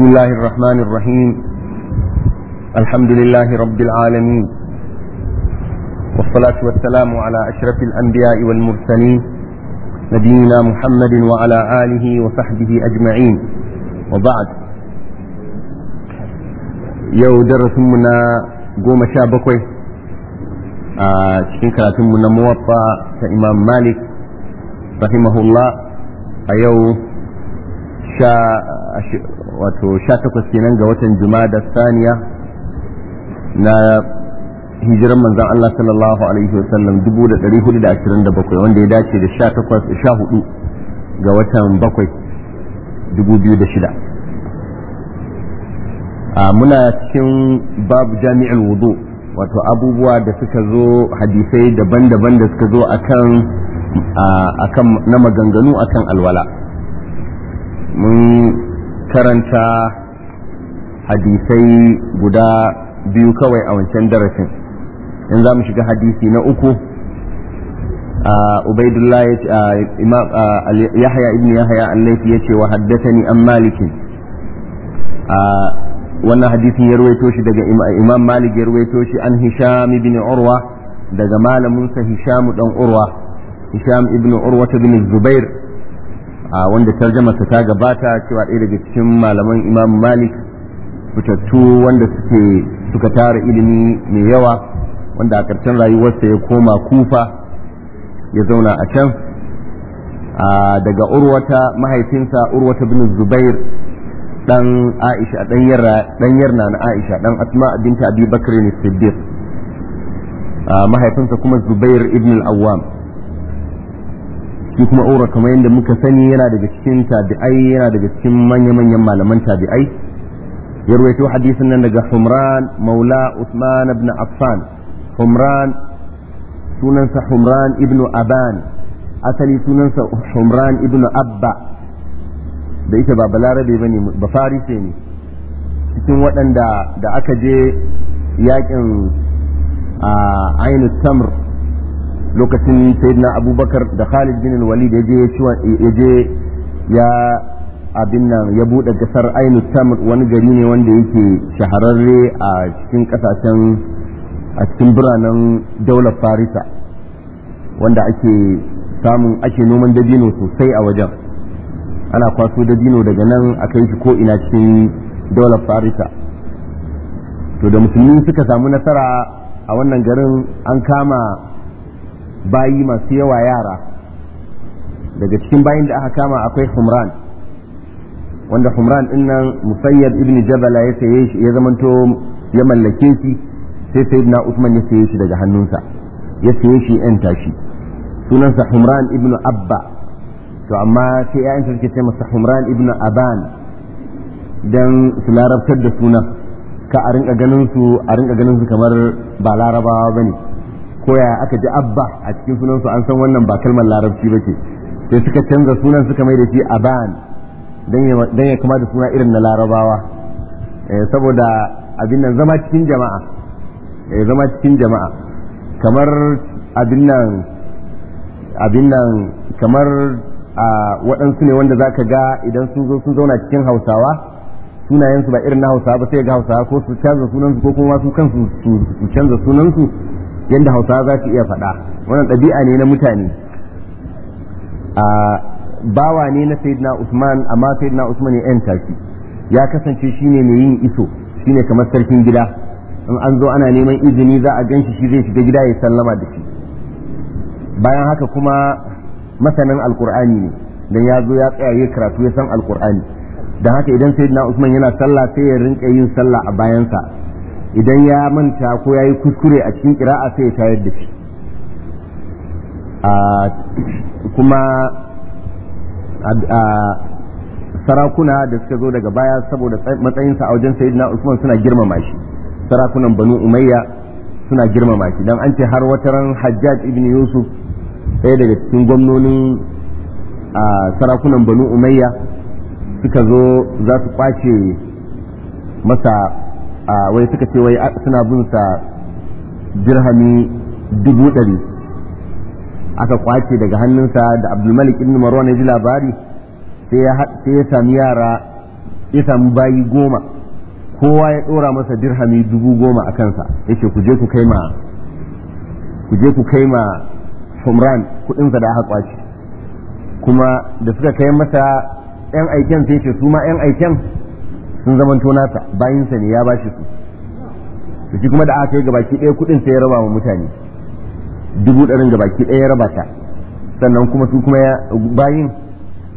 بسم الله الرحمن الرحيم الحمد لله رب العالمين والصلاة والسلام على أشرف الأنبياء والمرسلين نبينا محمد وعلى آله وصحبه أجمعين وبعد يو درسمنا قوم شابكوي آه، شكين karatunmu na muwaffa ta imam malik rahimahullah a wato sha takwas kenan ga watan Jumada Saniya na hijiran manzan Allah sallallahu alaihi wasallam bakwai wanda ya dace da sha takwas sha hudu ga watan bakwai dubu da shida a muna cikin babu jami'ul wudu wato abubuwa da suka zo hadisai daban-daban da suka zo akan kan na maganganu akan alwala mun karanta hadisai guda biyu kawai a wancan darasin in za mu shiga hadisi na uku ubaidullah yahya ibn Yahaya allafi ya ce wa ni an malikin wannan hadisin ya ruwaito shi daga imam malik ya ruwaito shi an hisham ibn urwa daga malamunsa hisham dan urwa hisham ibn urwa ibn zubair wanda tarjamarsa ta gabata cewa ɗaya daga cikin malaman imam malik fitattu wanda suke suka tara ilimi mai yawa wanda a ƙarshen rayuwarsa ya koma kufa ya zauna a can daga urwata mahaifinsa urwata bin zubair dan aisha dan yarna na aisha dan asma binta abi bakr siddiq mahaifinsa kuma zubair ibn al-awwam shi kuma aura kamar yadda muka sani yana daga cikin tabi'ai yana daga cikin manya-manyan malaman tabi'ai ya rawaito hadisin nan daga Humran Maula Usman ibn Affan Humran sunansa Humran ibn Aban asali sunansa Humran ibn Abba da ita ba balarabe bane ba farise ne cikin waɗanda da aka je yakin a Ainul Tamr lokacin sayyidina abubakar da khalid bin walid ya je ya je ya abin nan ya buɗe gasar ainu tamr wani gari ne wanda yake shahararre a cikin kasashen a cikin biranen daular farisa wanda ake samun ake noman dabino sosai a wajen ana kwaso dabino daga nan a kai shi ko ina cikin daular farisa to da musulmi suka samu nasara a wannan garin an kama bayi masu yawa yara daga cikin bayin da aka kama akwai humran wanda humran din nan musayyad ibn jabala ya saye shi ya zamanto ya mallake shi sai sayyidina usman ya saye shi daga hannunsa ya saye shi yan tashi sunansa humran ibn abba to amma sai ya'yan sarki sai masa humran ibn aban dan su larabtar da suna ka a rinka ganin su a rinka ganin su kamar ba larabawa bane ko ya aka ji abba a cikin sunansu an san wannan ba kalmar larabci ba ce sai suka canza sunan suka mai da shi aban don ya kama da suna irin na larabawa eh, saboda abin nan zama cikin jama'a eh, zama cikin jama'a kamar abin nan abin nan kamar a waɗansu ne wanda za ka ga idan sun zo sun zauna cikin hausawa sunayensu ba irin na hausawa ba sai ga hausawa ko su canza sunansu ko kuma su kansu su canza sunansu Yanda hausawa za su iya faɗa wannan ɗabi'a ne na mutane a bawa ne na sayyidina usman amma sayyidina usman ya yanta shi ya kasance shine mai yin iso shine kamar sarkin gida in an zo ana neman izini za a ganshi shi zai shiga gida ya sallama da shi bayan haka kuma masanin alkur'ani ne dan ya zo ya tsaya ya karatu ya san alkur'ani dan haka idan sayyidina usman yana sallah sai ya rinka yin sallah a bayansa idan ya manta ko ya yi kuskure a cikin kira'a sai ya tayar da shi kuma sarakuna da suka zo daga baya saboda matsayinsa a wajen sayidina usman suna girmama shi sarakunan banu umayya suna girmama shi don an ce har ran hajjaj ibn yusuf ɗaya daga cikin gwamnonin a sarakunan banu umayya suka zo za su kwace masa wai suka ce wai suna bin sa dirhami dubu ɗari aka kwace daga hannunsa da abdulmalik ibn marwan ya ji labari sai ya sami yara ya bayi goma kowa ya ɗora masa dirhami dubu goma a kansa ya ce ku je ku kai ma ku je ku kai ma humran kuɗinsa da aka kwace kuma da suka kai masa 'yan aiken sai ce su ma 'yan aiken sun zamanto nasa bayan ne ya bashi su su shi kuma da aka yi gabaki ɗaya kuɗin sai ya raba wa mutane dubu ɗarin gabaki ɗaya ya raba ta sannan kuma su kuma ya bayin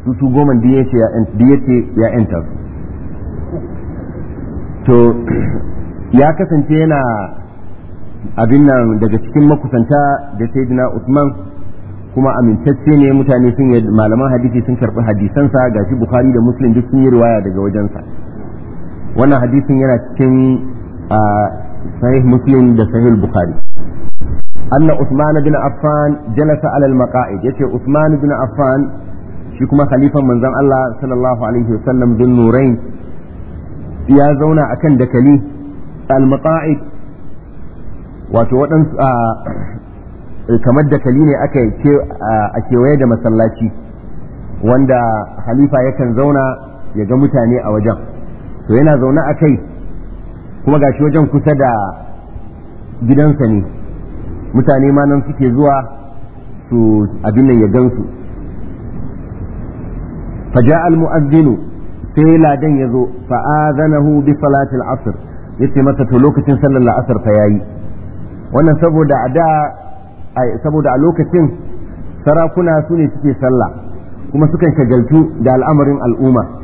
su su goma diyace ya ce enta su to ya kasance yana abin nan daga cikin makusanta da sayyidina Usman kuma amintacce ne mutane sun yi malaman hadisi sun karɓi hadisansa gashi Bukhari da Muslim duk sun yi riwaya daga wajensa. wannan hadisin yana cikin sahih muslim da sahih bukhari anna usman bin affan jalasa ala al-maqa'id yace usman bin affan shi kuma khalifan manzon Allah sallallahu alaihi wasallam bin nurain ya zauna akan dakali al-maqa'id wato waɗansu kamar dakali ne aka a kewaye da masallaci wanda halifa yakan zauna ya ga mutane a wajen to yana zaune a kai kuma gashi wajen kusa da gidansa ne mutane ma nan suke zuwa su abin nan ya gansu faja al sai ladan ya zo fa'azanahu bi salatil asr yace masa to lokacin sallar asr fa yayi wannan saboda a da saboda a lokacin sarakuna su ne suke sallah kuma sukan shagaltu da al'amarin al'umma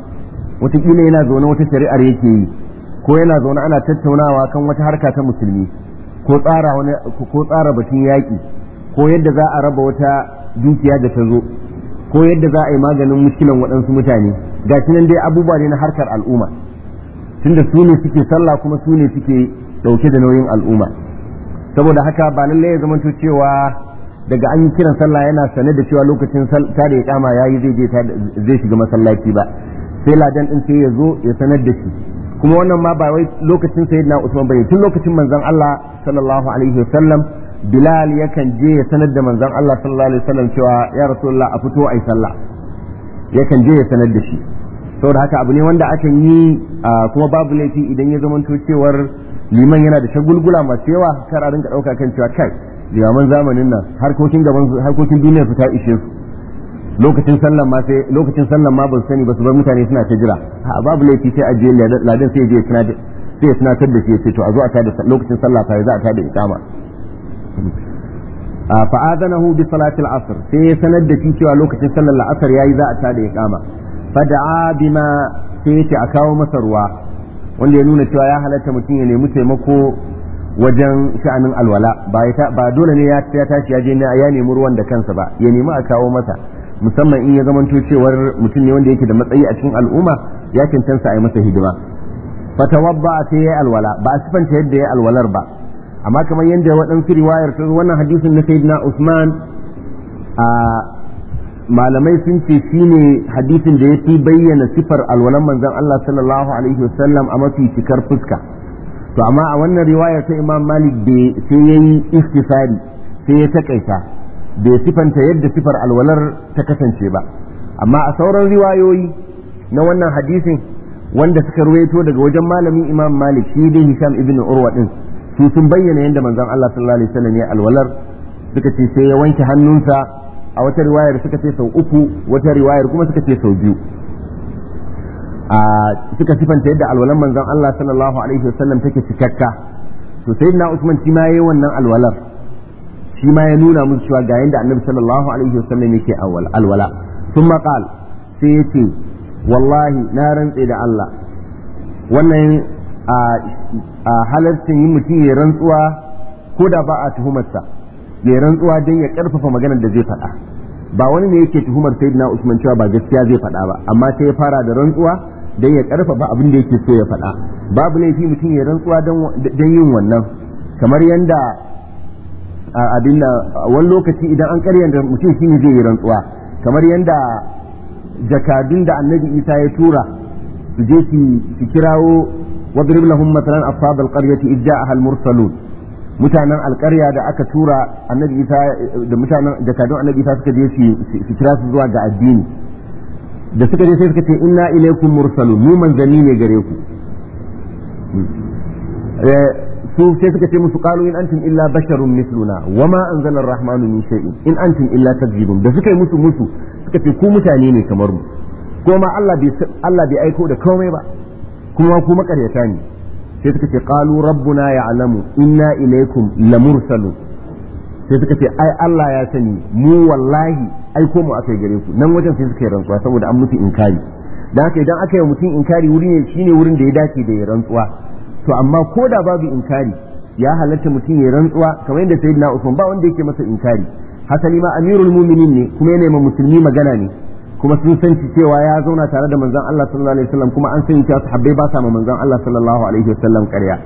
wataƙila yana zaune wata shari'ar yake yi ko yana zaune ana tattaunawa kan wata harka ta musulmi ko tsara wani ko tsara batun yaƙi ko yadda za a raba wata dukiya da ta zo ko yadda za a yi maganin muskilan waɗansu mutane ga shi nan dai abubuwa ne na harkar al'umma tunda su ne suke sallah kuma su ne suke ɗauke da nauyin al'umma saboda haka ba lallai ya zamanto cewa daga an yi kiran sallah yana sane da cewa lokacin tare ya kama yayi zai zai shiga masallaci ba sai ladan din sai ya zo ya sanar da shi kuma wannan ma ba wai lokacin sayyidina Usman bane tun lokacin manzon Allah sallallahu alaihi wasallam Bilal yakan je ya sanar da manzon Allah sallallahu alaihi wasallam cewa ya Rasulullah a fito ai sallah yakan je ya sanar da shi saboda haka abu ne wanda akan yi kuma babu laifi idan ya zamanto cewar liman yana da shagulgula masu yawa kar a rinka dauka kan cewa kai liman zamanin nan harkokin gaban harkokin duniya su ta ishe su lokacin sallan ma sai lokacin sallan ma ban sani ba su bar mutane suna ta jira a babu laifi sai a jiya ladan sai je suna sai suna ta da sai to a zo a tada lokacin sallah fa za a tada iqama fa adanahu bi salati al-asr sai ya sanar da shi cewa lokacin sallar al-asr yayi za a tada ikama fa da'a bima sai yace a kawo masa ruwa wanda ya nuna cewa ya halatta mutum ya nemi taimako wajen sha'anin alwala ba dole ne ya tashi ya je ya nemi ruwan da kansa ba ya nemi a kawo masa musamman in ya zamanto cewar mutum ne wanda yake da matsayi a cikin al'umma ya cancanta a yi masa hidima fatawabba sai ya alwala ba a sifanta yadda ya alwalar ba amma kamar yadda waɗansu riwayar ta wannan hadisin na sayyidina Usman a malamai sun ce ne hadisin da ya fi bayyana sifar alwalan manzon Allah sallallahu alaihi wasallam a mafi cikar fuska to amma a wannan riwayar ta Imam Malik bai sai yayi istisari sai ya takaita bai sifanta yadda sifar alwalar ta kasance ba amma a sauran riwayoyi na wannan hadisin wanda suka ruwaito daga wajen malamin imam malik shi dai hisham ibn urwa din su sun bayyana yadda manzon Allah sallallahu alaihi wasallam ya alwalar suka ce sai ya wanke hannunsa a wata riwayar suka ce sau uku wata riwayar kuma suka ce sau biyu suka sifanta yadda alwalar manzon Allah sallallahu alaihi wasallam take cikakka to sayyidina Usman shi ma yayi wannan alwalar shi ma ya nuna mun cewa ga yanda annabi sallallahu alaihi wasallam yake awwal alwala kuma qal sai yace wallahi na rantse da Allah wannan a halarcin yin mutum ya rantsuwa ko da ba a tuhumarsa ya rantsuwa don ya karfafa maganar da zai faɗa ba wani ne yake tuhumar sayyidina Usman cewa ba gaskiya zai faɗa ba amma sai ya fara da rantsuwa don ya karfafa abin da yake so ya faɗa babu laifi mutum ya rantsuwa don yin wannan kamar yanda abin da wani lokaci idan an karyanta mutum shi zai yi rantsuwa kamar yadda jakadun da annabi isa ya tura su je su kirawo wadrib lahum matalan ashab alqaryati idh ja'aha almursalun mutanen alƙarya da aka tura annabi isa da mutanen jakadun annabi isa suka je su kira su zuwa ga addini da suka je sai suka ce inna ilaykum mursalun mu manzanni ne gare ku eh, su sai suka ce musu qalu in antum illa basharun misluna wama anzalar rahmanu min shay'in in antum illa takzibun da suka yi musu musu suka ce ku mutane ne kamar mu ko ma Allah bai Allah bai aiko da komai ba kuma ku makaryata ne sai suka ce qalu rabbuna ya'lamu inna ilaykum lamursalun sai suka ce ai Allah ya sani mu wallahi aiko mu akai gare ku nan wajen sai suka yi rantsuwa saboda an mutu inkari dan haka idan aka yi mutum inkari wuri ne shine wurin da ya dace da ya rantsuwa to amma ko da babu inkari ya halatta mutum ya rantsuwa kamar yadda sayyidina Usman ba wanda yake masa inkari hasali ma amirul mu'minin ne kuma yana ma musulmi magana ne kuma sun san cewa ya zauna tare da manzon Allah sallallahu alaihi wasallam kuma an san cewa sahabbai ba sa ma manzon Allah sallallahu alaihi wasallam ƙarya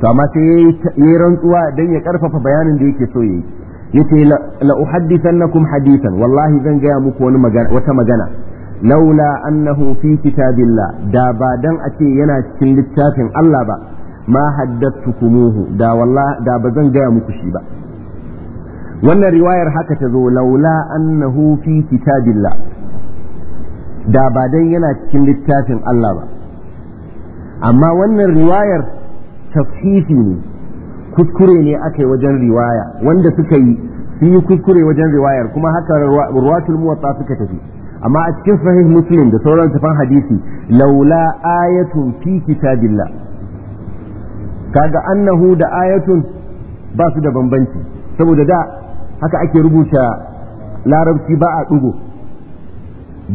to amma sai yayi rantsuwa dan ya karfafa bayanin da yake so yayi yace la uhaddithannakum hadithan wallahi zan gaya muku wani magana wata magana laula annahu fi kitabillah da ba dan a ce yana cikin littafin Allah ba ma haddattukumuhu da wallahi da ba zan gaya muku shi ba wannan riwayar haka ta zo laula annahu fi kitabillah da ba dan yana cikin littafin Allah ba amma wannan riwayar tafhifi ne kuskure ne aka yi wajen riwaya wanda suka yi sun yi kuskure wajen riwayar kuma haka ruwatul muwatta suka tafi amma a cikin sahih muslim da sauran tafan hadisi laula ayatun fi kitabillah kaga annahu da ayatun ba su da bambanci saboda da haka ake rubuta larabci ba a ɗugo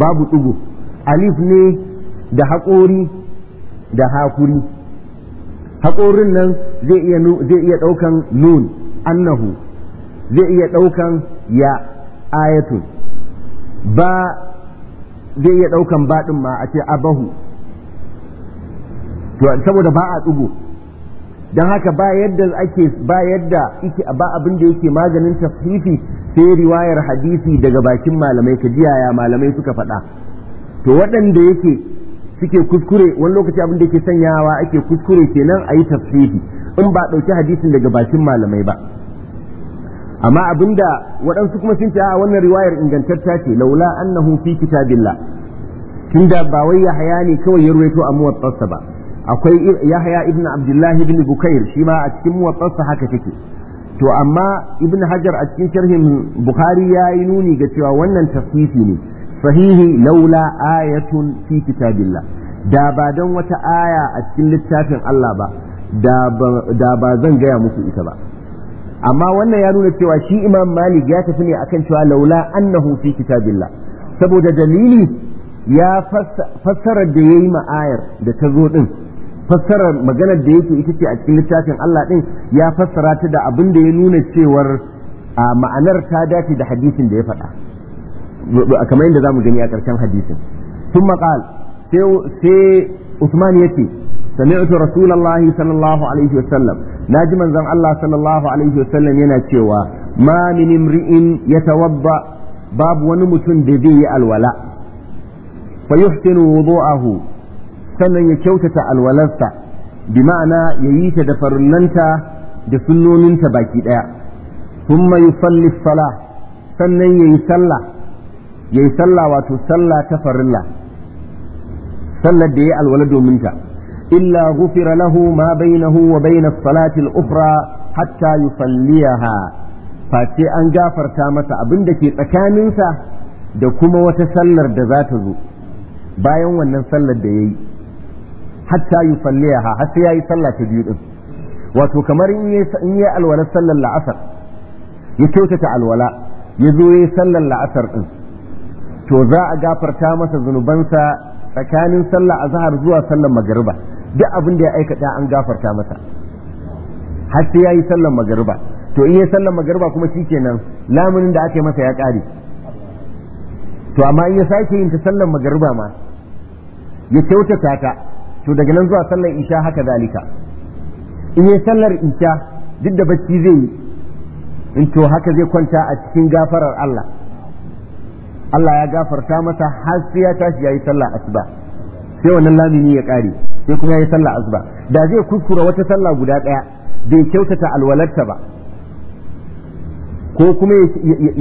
babu ɗugo alif ne da haƙori da hakuri haƙorin nan zai iya ɗaukan nun annahu zai iya ɗaukan ya ayatun ba zai iya ɗaukan baɗin ma a ce abahu to saboda ba a ɗugo don haka ba yadda ake ba yadda ba abin da yake maganin tasrifi sai riwayar hadisi daga bakin malamai ka jiyaya malamai suka faɗa to waɗanda yake suke kuskure wani lokaci abin da yake sanyawa ake kuskure kenan a yi tafsifi. in ba ɗauki hadisin daga bakin malamai ba amma abinda waɗansu kuma sun ce a wannan riwayar ingantacciya ce laula annahu fi kitabillah tunda ba wai Yahaya ne kawai ya ruwaito a muwattasa ba akwai Yahaya ibn abdullahi ibn Bukair shi ma a cikin muwattasa haka take to amma ibn Hajar a cikin sharhin Bukhari ya yi nuni ga cewa wannan tasfifi ne sahihi laula ayatun fi kitabillah da ba don wata aya a cikin littafin Allah ba da ba zan gaya muku ita ba amma wannan ya nuna cewa shi imam malik ya tafi ne akan cewa laula annahu fi kitabillah saboda dalili ya fassara da yayi ma'ayar da ta zo din fassara maganar da yake ita ce a cikin littafin Allah din ya fassara ta da abin da ya nuna cewar ma'anar ta dace da hadisin da ya faɗa kamar yadda mu gani a ƙarshen hadisin sun maƙal sai Usman ya ce سمعت رسول الله صلى الله عليه وسلم ناجما زن الله صلى الله عليه وسلم ينا شوى ما من امرئ يتوضا باب ونمت بذي الولاء فيحسن وضوءه سنة يكوتة الولسة بمعنى ييت دفرننتا دسنوننتا باكي ثم يصلي الصلاة سنة يسلى يسلى وتسلى تفر الله sallar da ya alwala domin ta إلا غفر له ما بينه وبين الصلاة الأخرى حتى يصليها فاتي أن جافر تامسا أبن دكي تكامنسا دكما وتسلر دذاته بايون ونن سلر ديي حتى يصليها حتى يصلى تجيد wato kamar in yi alwala sallar la'asar ya kyautata alwala ya zo ya sallar la'asar ɗin to za a gafarta masa zunubansa tsakanin sallar zahar zuwa sallar magariba duk abin da ya aikata an gafarta masa har sai yayi sallar magariba to in yayi sallar magariba kuma shikenan lamunin da aka yi masa ya kare to amma in ya sake yin ta sallar magariba ma ya kyautata ta to daga nan zuwa sallar isha haka zalika in yayi sallar isha duk da bacci zai yi in to haka zai kwanta a cikin gafarar Allah Allah ya gafarta masa har sai ya tashi yayi sallar asuba sai wannan lamini ya kare sai kuma yayi sallah asuba da zai kuskura wata sallah guda ɗaya bai kyautata alwalarta ba ko kuma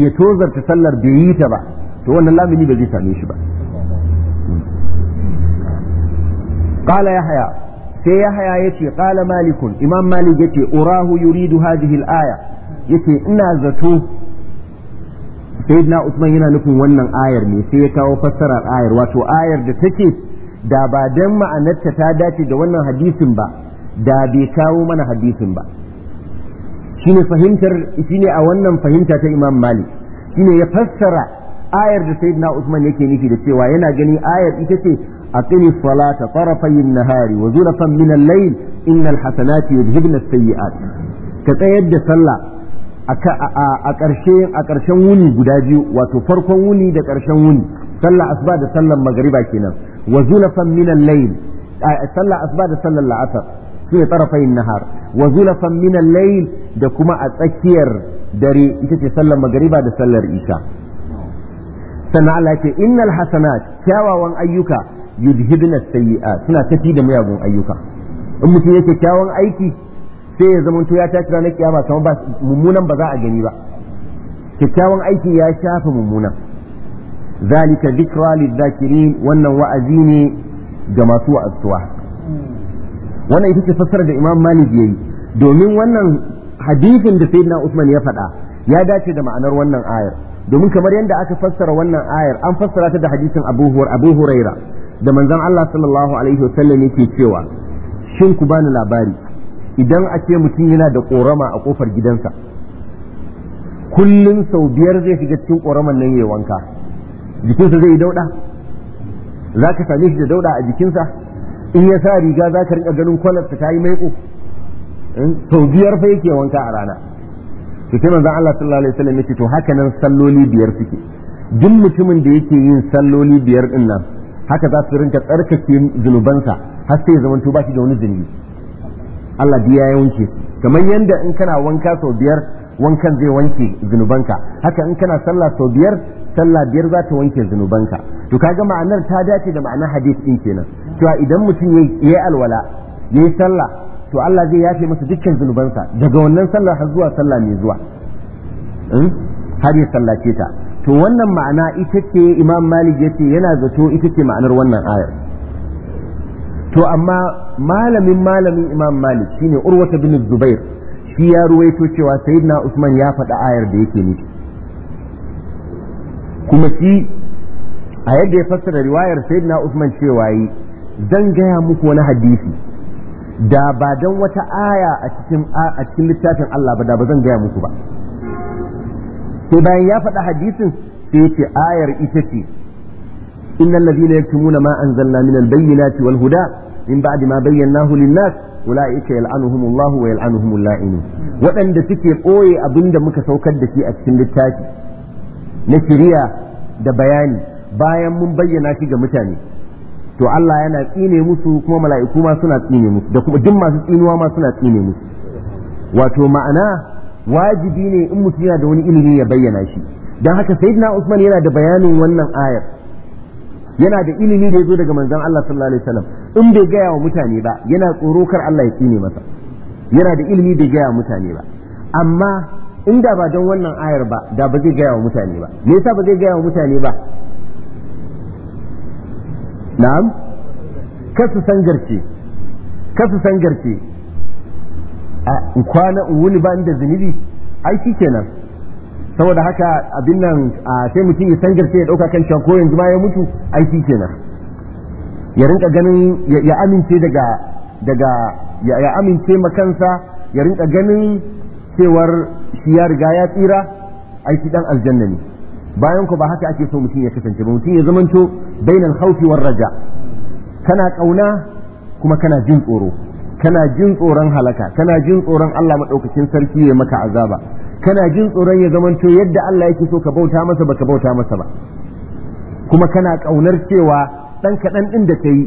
ya tozarta sallar bai yi ta ba to wannan lamini ba zai same shi ba قال يحيى sai يحيى يتي قال مالك إمام مالك يتي أراه يريد Aya الآية يتي إنا زتو سيدنا عثمان yana nufin wannan ayar ne sai ya kawo fassarar ayar wato ayar da take da ba dan ma'anarta ta dace da wannan hadisin ba da bai kawo mana hadisin ba shine fahimtar shine a wannan fahimta ta Imam Malik shine ya fassara ayar da Sayyidina Usman yake nufi da cewa yana ganin ayar ita ce aqimi salata tarafay an-nahari wa zulfan min al-layl innal hasanati yudhibna as-sayyi'at ka tsayar da sallah a ƙarshen a karshen wuni guda biyu wato farkon wuni da ƙarshen wuni sallah asuba da sallar magariba kenan wa zulafan min al-layl sallar asuba da sallar la'asar su ne tarafayin nahar wa zulafan min al-layl da kuma a tsakiyar dare ita ce sallar ba da sallar isha sannan Allah ce innal kyawawan ayyuka yudhibna sayyi'at suna tafi da miyagun ayyuka in mutum yake kyawun aiki sai ya zama ya tashi ranar kiyama kamar mummunan ba za a gani ba kyakkyawan aiki ya shafa mummunan zalika dhikra lidh-dhakirin wannan wa'azi ne ga masu wa'azuwa wannan ita ce fassarar da Imam Malik yayi domin wannan hadisin da Sayyidina Usman ya faɗa ya dace da ma'anar wannan ayar domin kamar yadda aka fassara wannan ayar an fassara ta da hadisin Abu Huraira da manzon Allah sallallahu alaihi wasallam yake cewa shin ku bani labari idan a ce mutum yana da korama a kofar gidansa kullum sau biyar zai shiga cikin koraman nan yayi wanka jikinsa zai yi dauda za ka same shi da dauɗa a jikinsa in ya sa riga za ka rika ganin kwalarsa ta yi maiko sau biyar fa yake wanka a rana to sai manzon Allah sallallahu alaihi wasallam yake to haka nan salloli biyar suke duk mutumin da yake yin salloli biyar din nan haka za su rinka tsarkake zunubansa har sai ya zama to ba shi da wani zunubi Allah biya ya wanke kamar yanda in kana wanka sau biyar wankan zai wanke zunubanka haka in kana sallah sau biyar sallah biyar za ta wanke zunubanka to kaga ma'anar ta dace da ma'anar hadis din kenan cewa idan mutum yi alwala yayi sallah to Allah zai yafe masa dukkan zunubansa daga wannan sallah har zuwa sallah mai zuwa hmm? har ya sallace ta to wannan ma'ana ita ce Imam Malik yace yana zato ita ce ma'anar wannan ayar to amma malamin malamin Imam Malik shine Urwata bin Zubair shi ya ruwaito cewa sayyidina Usman ya faɗa ayar da yake nufi kuma shi a yadda ya fassara riwayar sayyidina Usman cewa yi zan gaya muku wani hadisi da ba don wata aya a cikin a cikin littafin Allah ba da ba zan gaya muku ba sai bayan ya faɗa hadisin sai ce ayar ita ce innal ladhina yaktumuna ma anzalna minal bayyinati wal huda min ba'di ma bayyanahu lin-nas ulaika yal'anuhumullahu wa yal'anuhumul waɗanda suke ɓoye abin da muka saukar da shi a cikin littafi na shari'a da bayani bayan mun bayyana shi ga mutane to Allah yana tsine musu kuma mala'iku ma suna tsine musu da kuma duk masu tsinuwa ma suna tsine musu wato ma'ana wajibi ne in mutum yana da wani ilimi ya bayyana shi don haka sayyidina Usman yana da bayanin wannan ayar yana da ilimi da ya zo daga manzon Allah sallallahu alaihi wasallam in bai gaya wa mutane ba yana tsoro kar Allah ya tsine masa yana da ilimi bai gaya wa mutane ba amma inda ba don wannan ayar ba da ba zai gaya wa mutane ba me yasa ba zai gaya wa mutane ba na'am kasu san sangarce kasu su sangarce a kwana wuni ba inda zunubi ai kenan saboda haka abin nan sai mutum ya sai ya dauka kan cewa ko yanzu ma ya mutu aiki kenan ya rinka ganin ya amince daga daga ya amince makansa ya rinka ganin cewar shi ya riga ya tsira aiki dan aljanna ne bayan ku ba haka ake so mutum ya kasance ba mutum ya zamanto bainal khawfi war raja kana kauna kuma kana jin tsoro kana jin tsoron halaka kana jin tsoron Allah madaukakin sarki ya maka azaba kana jin tsoron ya zamanto yadda Allah yake so ka bauta masa ba ka bauta masa ba kuma kana kaunar cewa dan kaɗan ɗin da kai yi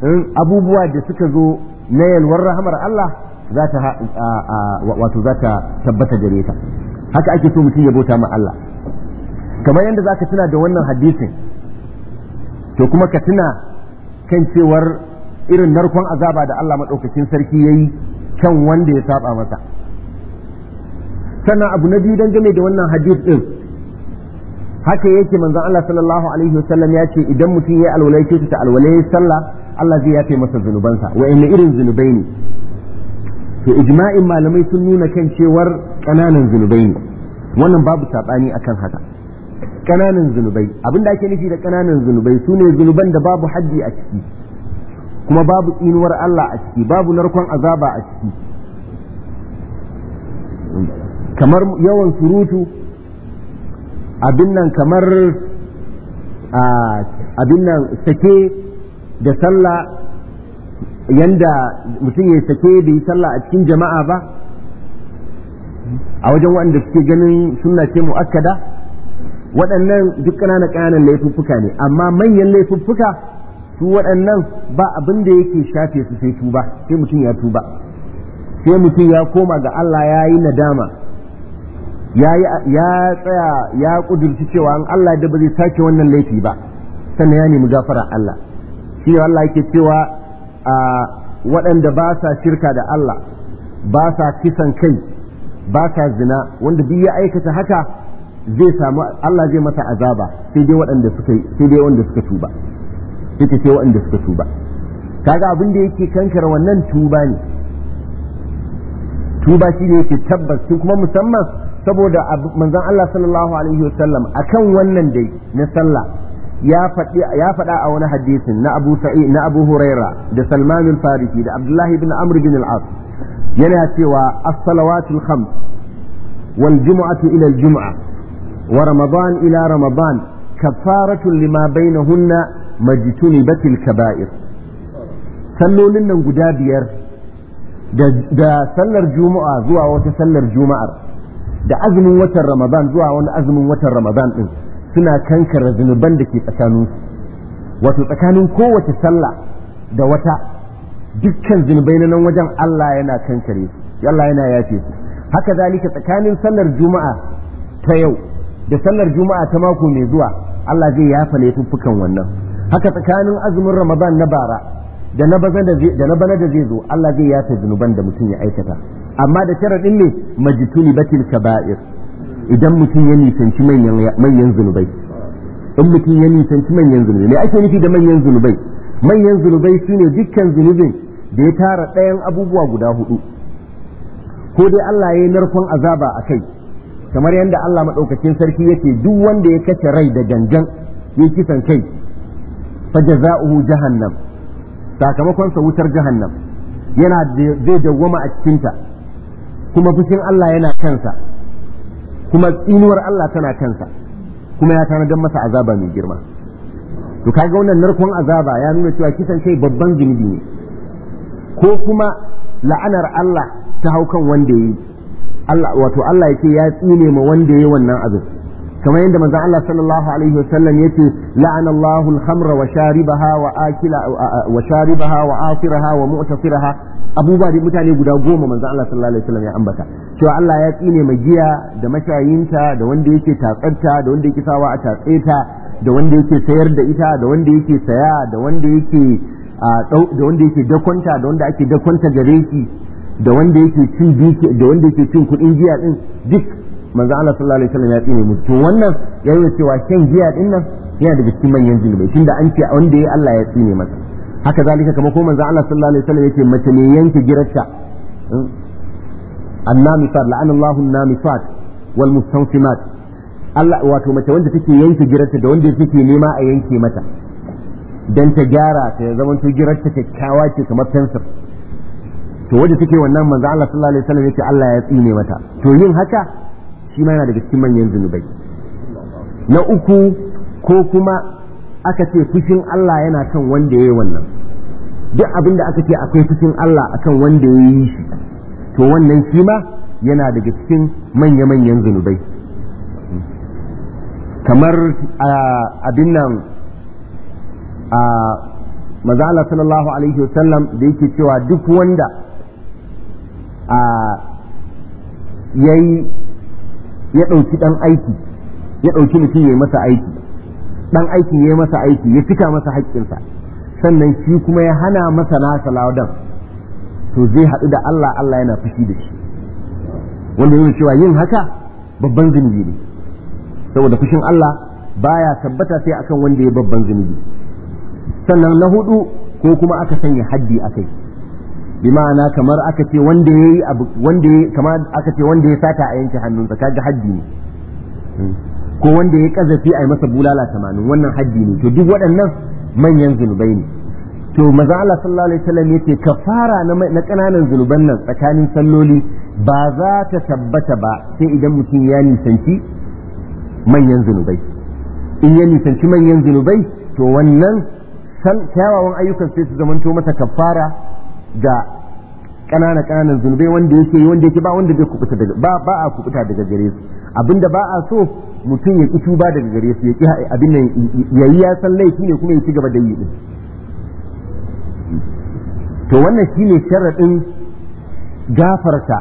hmm, abubuwa da suka zo na yalwar rahamar Allah za ta wato za ta tabbata gare ka haka ake so mutum ya bauta ma Allah kamar yadda za ka tuna da wannan hadisin to kuma ka tuna kan cewar irin narkon azaba da Allah maɗaukakin sarki ya yi kan wanda ya saba masa sannan abu na biyu dangane da wannan hadith din haka yake manzon Allah sallallahu alaihi wasallam ya ce idan mutum ya alwala ya ta alwala ya sallah Allah zai yafe masa zunubansa wa inna irin zunubai ne to ijma'in malamai sun nuna kan cewar kananan zunubai ne wannan babu sabani akan haka kananan zunubai da ake nufi da kananan zunubai sune zunuban da babu haddi a ciki kuma babu tsinuwar Allah a ciki babu narkon azaba a ciki kamar yawan surutu abin nan kamar abin nan sake da sallah yanda mutum ya sake da yi sallah a cikin jama'a ba a wajen waɗanda suke ganin suna ce mu'akkada waɗannan duk ƙananan ƙananan laifuffuka ne amma manyan laifuffuka su waɗannan ba abin da yake shafe su sai tuba sai mutum ya tuba sai mutum ya koma ga Allah ya yi nadama ya tsaya ya kudurci cewa an Allah da ba zai sake wannan laifi ba sannan ya nemi gafara Allah shi ne Allah yake cewa a waɗanda ba sa shirka da Allah ba sa kisan kai ba sa zina wanda duk ya aikata haka zai samu Allah zai masa azaba sai dai waɗanda suka sai dai wanda suka tuba yake ce waɗanda suka tuba kaga abin da yake kankara wannan tuba ne tuba shi ne yake tabbas kuma musamman saboda manzon Allah sallallahu alaihi wasallam akan wannan dai na sallah ya faɗi ya faɗa a wani hadisin na Abu Sa'id na Abu Huraira da Salman al-Farisi da Abdullah ibn Amr ibn al-As yana cewa as-salawatul khams wal jumu'atu ila al-jum'a wa ramadan ila ramadan kafaratun lima bainahunna majtunibatil kaba'ir sallolin nan guda biyar da sallar juma'a zuwa wata sallar juma'ar da azumin watan ramadan zuwa wani azumin watan ramadan din suna kankara zunuban da ke tsakaninsu wato tsakanin kowace sallah da wata dukkan zunubai na nan wajen Allah yana kankare su Allah yana yafe su haka zalika tsakanin sallar juma'a ta yau da sallar juma'a ta mako mai zuwa Allah zai yafa laifuffukan wannan haka tsakanin azumin ramadan na bara da na bana da zai zo Allah zai yafe zunuban da mutum ya aikata amma da sharaɗin ne majituni batil kaba'ir idan mutum ya nisanci manyan zunubai in mutum ya nisanci manyan zunubai me ake nufi da manyan zunubai manyan zunubai su ne dukkan zunubin da ya tara ɗayan abubuwa guda hudu ko dai Allah ya yi narkon azaba a kai kamar yadda Allah maɗaukacin sarki yake duk wanda ya kashe rai da gangan ya kisan kai fa jaza'uhu jahannam sakamakonsa wutar jahannam yana zai dawwama a cikinta kuma fushin Allah yana kansa kuma tsinuwar Allah tana kansa kuma ya tanadan masa azaba mai girma to kaga wannan narkon azaba ya nuna cewa kisan kai babban zunubi ne ko kuma la'anar Allah ta hau kan wanda yi Allah wato Allah yake ya tsine ma wanda yi wannan abin kamar yadda manzon Allah sallallahu alaihi wasallam yace la'ana Allahu al-khamra wa sharibaha wa akila wa wa asiraha wa abubuwa da mutane guda goma manzon Allah sallallahu alaihi wasallam ya ambata cewa Allah ya tsine mai giya da mashayinta da yake tatsarta da wanda yake sawa a tatseta da wanda yake sayar da ita da wanda ke saya da wanda da wanda ake dakonta gare shi da wanda yake cin da wanda yake cin kuɗin giya ɗin duk manzo Allah sallallahu alaihi wasallam ya tsine mu to wannan yayin cewa shan giya din nan yana daga cikin manyan zunubai tunda an ce wanda ya Allah ya tsine masa haka zalika kamar ko manzo Allah sallallahu alaihi wasallam yake mace ne yanke girarta hmm? annamisat la'ana Allahu annamisat wal mustansimat Allah wato mace wanda take yanke girarta da wanda take nema a yanke mata dan ta gyara ta zama zamanto girarta kyakkyawa ce kamar fensir to wanda take wannan manzo Allah sallallahu alaihi wasallam yace Allah ya tsine mata to yin haka shi ma yana daga cikin manyan zunubai na uku ko kuma aka ce fushin Allah yana kan wanda ya yi wannan duk abin da aka ce akwai fushin Allah akan wanda ya yi shi to wannan shi ma yana daga cikin manya-manyan zunubai kamar abin nan a maza'ala sallallahu alaihi wasallam da yake cewa duk wanda a yayi ya ɗauki ɗan aiki ya ɗauki mutum ya yi masa aiki ɗan aiki ya yi masa aiki ya cika masa haƙƙinsa sannan shi kuma ya hana masa nasa laudan to zai haɗu da Allah Allah yana fushi da shi wanda yana cewa yin haka babban zunubi ne saboda fushin Allah baya tabbata sai akan wanda ya babban zunubi sannan na hudu ko kuma aka sanya haddi a kai. bi kamar aka ce wanda ya wanda kamar aka ce wanda ya sata a yanke hannunsa kaga haddi ne ko wanda ya kazafi a yi masa bulala tamanin wannan haddi ne to duk waɗannan manyan zunubai ne to maza Allah sallallahu alaihi wasallam yace kafara na na kananan zunuban nan tsakanin salloli ba za ta tabbata ba sai idan mutum ya nisanci manyan zunubai in ya nisanci manyan zunubai to wannan san kyawawan ayyukan sai su zamanto masa kafara Da ƙanana ƙananan zunubai wanda yake yi wanda yake ba wanda zai kubuta daga ba ba a kubuta daga gare su abinda ba a so mutum ya ki tuba daga gare su ya ki abin nan yayi ya san laifi ne kuma ya ci gaba da yi din to wannan shine sharaɗin gafarta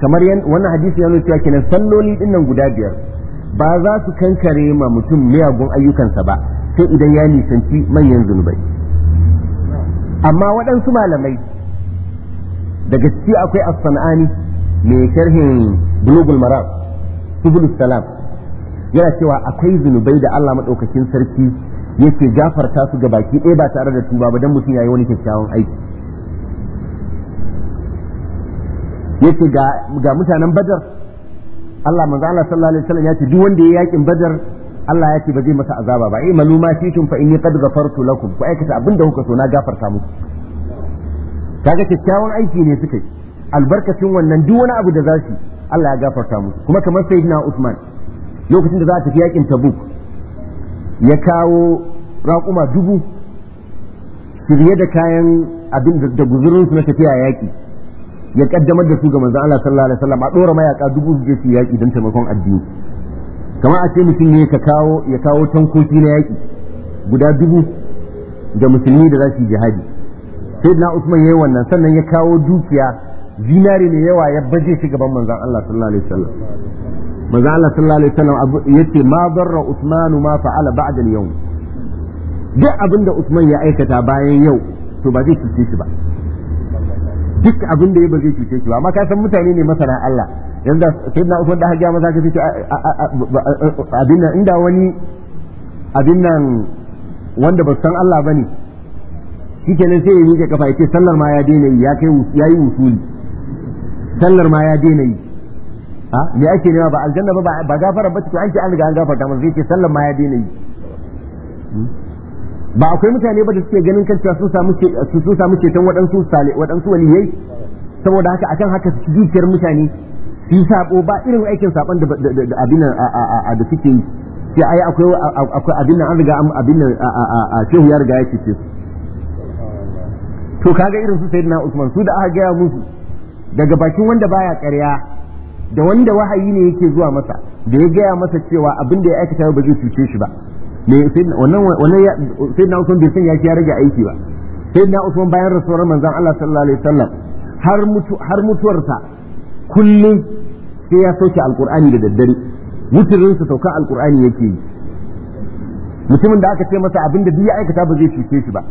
kamar wannan hadisi ya cewa kenan salloli din nan guda biyar ba za su kankare ma mutum miyagun ayyukansa ba sai idan ya nisanci manyan zunubai amma waɗansu malamai daga ciki akwai as-sanani mai sharhin bulugul maram subul salam yana cewa akwai zunubai da Allah maɗaukakin sarki yake gafarta su ga baki ɗaya ba tare da tuba ba dan mutum yayi wani kyakkyawan aiki yake ga ga mutanen badar Allah manzo Allah sallallahu alaihi wasallam ya ce duk wanda ya yakin badar Allah ya ce ba zai masa azaba ba ai eh, maluma shi tun fa inni qad ghafartu lakum ku aikata abin da kuka so na gafarta muku kaga kyakkyawan aiki ne suka yi albarkacin wannan duk wani abu da za su Allah ya gafarta musu kuma kamar sayyidina Uthman lokacin da za a tafi yakin Tabuk ya kawo raƙuma dubu shirye da kayan abin da guzurin su na tafiya yaki ya kaddamar da su ga manzon Allah sallallahu alaihi wasallam a dora mayaka dubu su je su yaƙi don taimakon addini kamar a ce mutum ne ka kawo ya kawo tankoki na yaƙi guda dubu ga musulmi da za su yi jihadi sai na usman ya yi wannan sannan ya kawo dukiya zinari ne yawa ya baje shi gaban manzan Allah sallallahu alaihi wasallam manzan Allah sallallahu alaihi wasallam yace ma barra usman ma fa'ala ba'da al-yawm duk abin da usman ya aikata bayan yau to ba zai cuce shi ba duk abin da ya ba zai cuce shi ba amma ka san mutane ne masana Allah yanzu sayyidina Usman da har ga maza ka ce abin nan inda wani abin nan wanda ba san Allah bane shikenan sai ya miƙe kafa ya ce sallar ma ya daina yi ya kai ya yi usuli sallar ma ya daina yi a me ake nema ba aljanna ba ba gafara ba an ce an riga an gafarta masa zai ce sallar ma ya daina yi hmm? ba akwai mutane ba da suke ganin kan cewa sun samu sun samu ceton waɗansu sale waɗansu waliyai saboda haka akan haka su zuciyar mutane shi yi sabo ba irin aikin saban da abin da suke yi sai ai akwai akwai abin nan an riga abin nan a shehu ya riga ya cece su to kaga irin su sayyidina Usman su da aka gaya musu daga bakin wanda baya ƙarya da wanda wahayi ne yake zuwa masa da ya gaya masa cewa abin da ya aikata ba zai cuce shi ba me wannan wannan Usman bai san ya ya rage aiki ba sayyidina Usman bayan rasuwar manzon Allah sallallahu alaihi wasallam har mutu har mutuwarsa kullum sai ya sauke alkur'ani da daddare mutumin sa sauka alkur'ani yake yi mutumin da aka ce masa abin da ya aikata ba zai cuce shi ba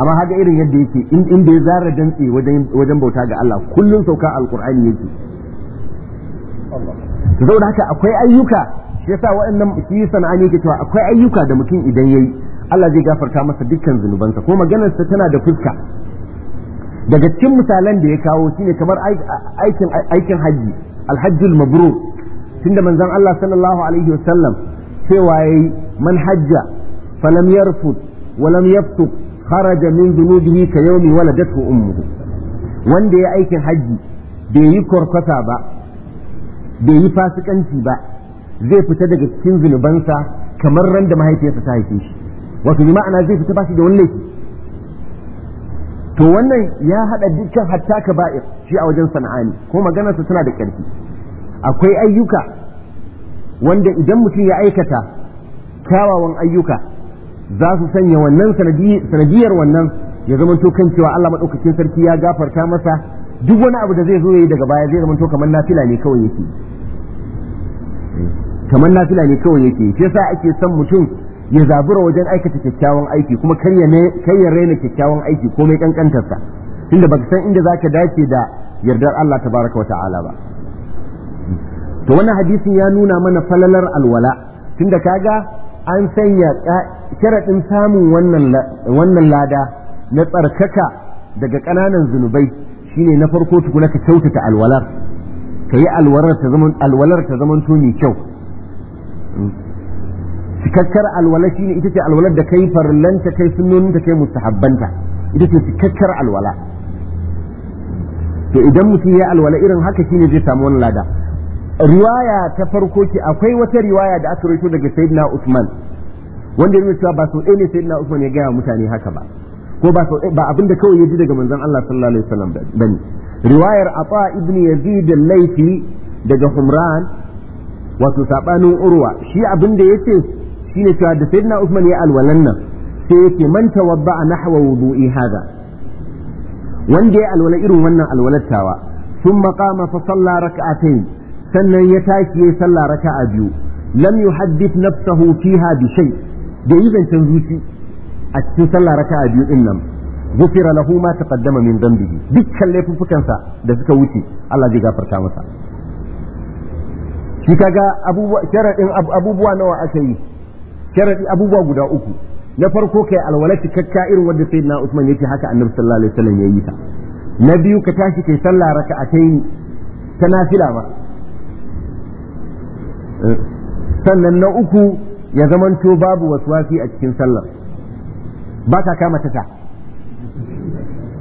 amma haka irin yadda yake inda ya zara dantse wajen bauta ga Allah kullum sauka alkur'ani yake to saboda haka akwai ayyuka shi yasa waɗannan shi sana'an yake cewa akwai ayyuka da mutum idan yayi Allah zai gafarta masa dukkan zunubansa ko sa tana da fuska daga cikin misalan da ya kawo shine kamar aikin aikin haji alhajjul mabrur tunda manzon Allah sallallahu alaihi wasallam cewa yayi man hajja falam yarfud Harajamin, yaftuq kharaja min dhunubihi ka yawmi waladathu ummuhu wanda ya aikin haji bai yi korkota ba bai yi fasikanci ba zai fita daga cikin zunubansa kamar ran da mahaifiyarsa ta haife shi wato bi ma'ana zai fita ba shi da wani laifi to wannan ya haɗa dukkan hatta ba'ir shi a wajen sana'ani ko maganarsa tana da ƙarfi akwai ayyuka wanda idan mutum ya aikata kyawawan ayyuka za su sanya wannan sanadiyar wannan ya to kan cewa Allah maɗaukakin sarki ya gafarta masa duk wani abu da zai zo yayi daga baya zai to kamar nafila ne kawai yake kamar nafila ne kawai yake shi yasa ake son mutum ya zabura wajen aikata kyakkyawan aiki kuma kar ya raina kyakkyawan aiki komai sa tunda baka san inda zaka dace da yardar Allah tabaraka wata'ala ba to wannan hadisin ya nuna mana falalar alwala tunda kaga an sanya sharaɗin samun wannan lada na tsarkaka daga ƙananan zunubai shine na farko tukuna ka kyautata alwalar ka yi alwalar ta zaman to mai kyau hmm. cikakkar alwala shine ita ce alwalar da kai farlanta kai sunnoninta kai mustahabbanta ita ce cikakkar alwala to idan mutum ya alwala irin haka shine zai samu wani lada riwaya ta farko ce akwai wata riwaya da aka rawaito daga sayyidina Usman wanda yana cewa ba sau ɗaya ne sayyidina Usman ya gaya mutane haka ba ko ba sau ba abinda kawai ya ji daga manzon Allah sallallahu alaihi wasallam bane riwayar Atha ibn Yazid al-Laythi daga Humran wato sabanin Urwa shi abinda yace shine cewa da sayyidina Usman ya alwalan nan sai yace man tawadda'a nahwa wudu'i hada wanda ya alwala irin wannan alwalattawa thumma qama fa salla rak'atayn sannan ya tashi ya salla raka'a biyu lam yuhaddith nafsahu fiha bi shay da yi zancen zuci a cikin salla raka'a biyu din nan gufira lahu ma taqaddama min dhanbihi dukkan laifuffukansa da suka wuce Allah zai gafarta masa shi kaga abubuwa sharadin abubuwa nawa aka yi sharadi abubuwa guda uku na farko kai alwala kakka irin wanda sayyidina Usman yake haka annabi sallallahu alaihi wasallam yayi ta na biyu ka tashi kai sallah raka'atayn ta nafila ba sannan na uku ya zamanto babu waswasi a cikin sallar ba ka kama ta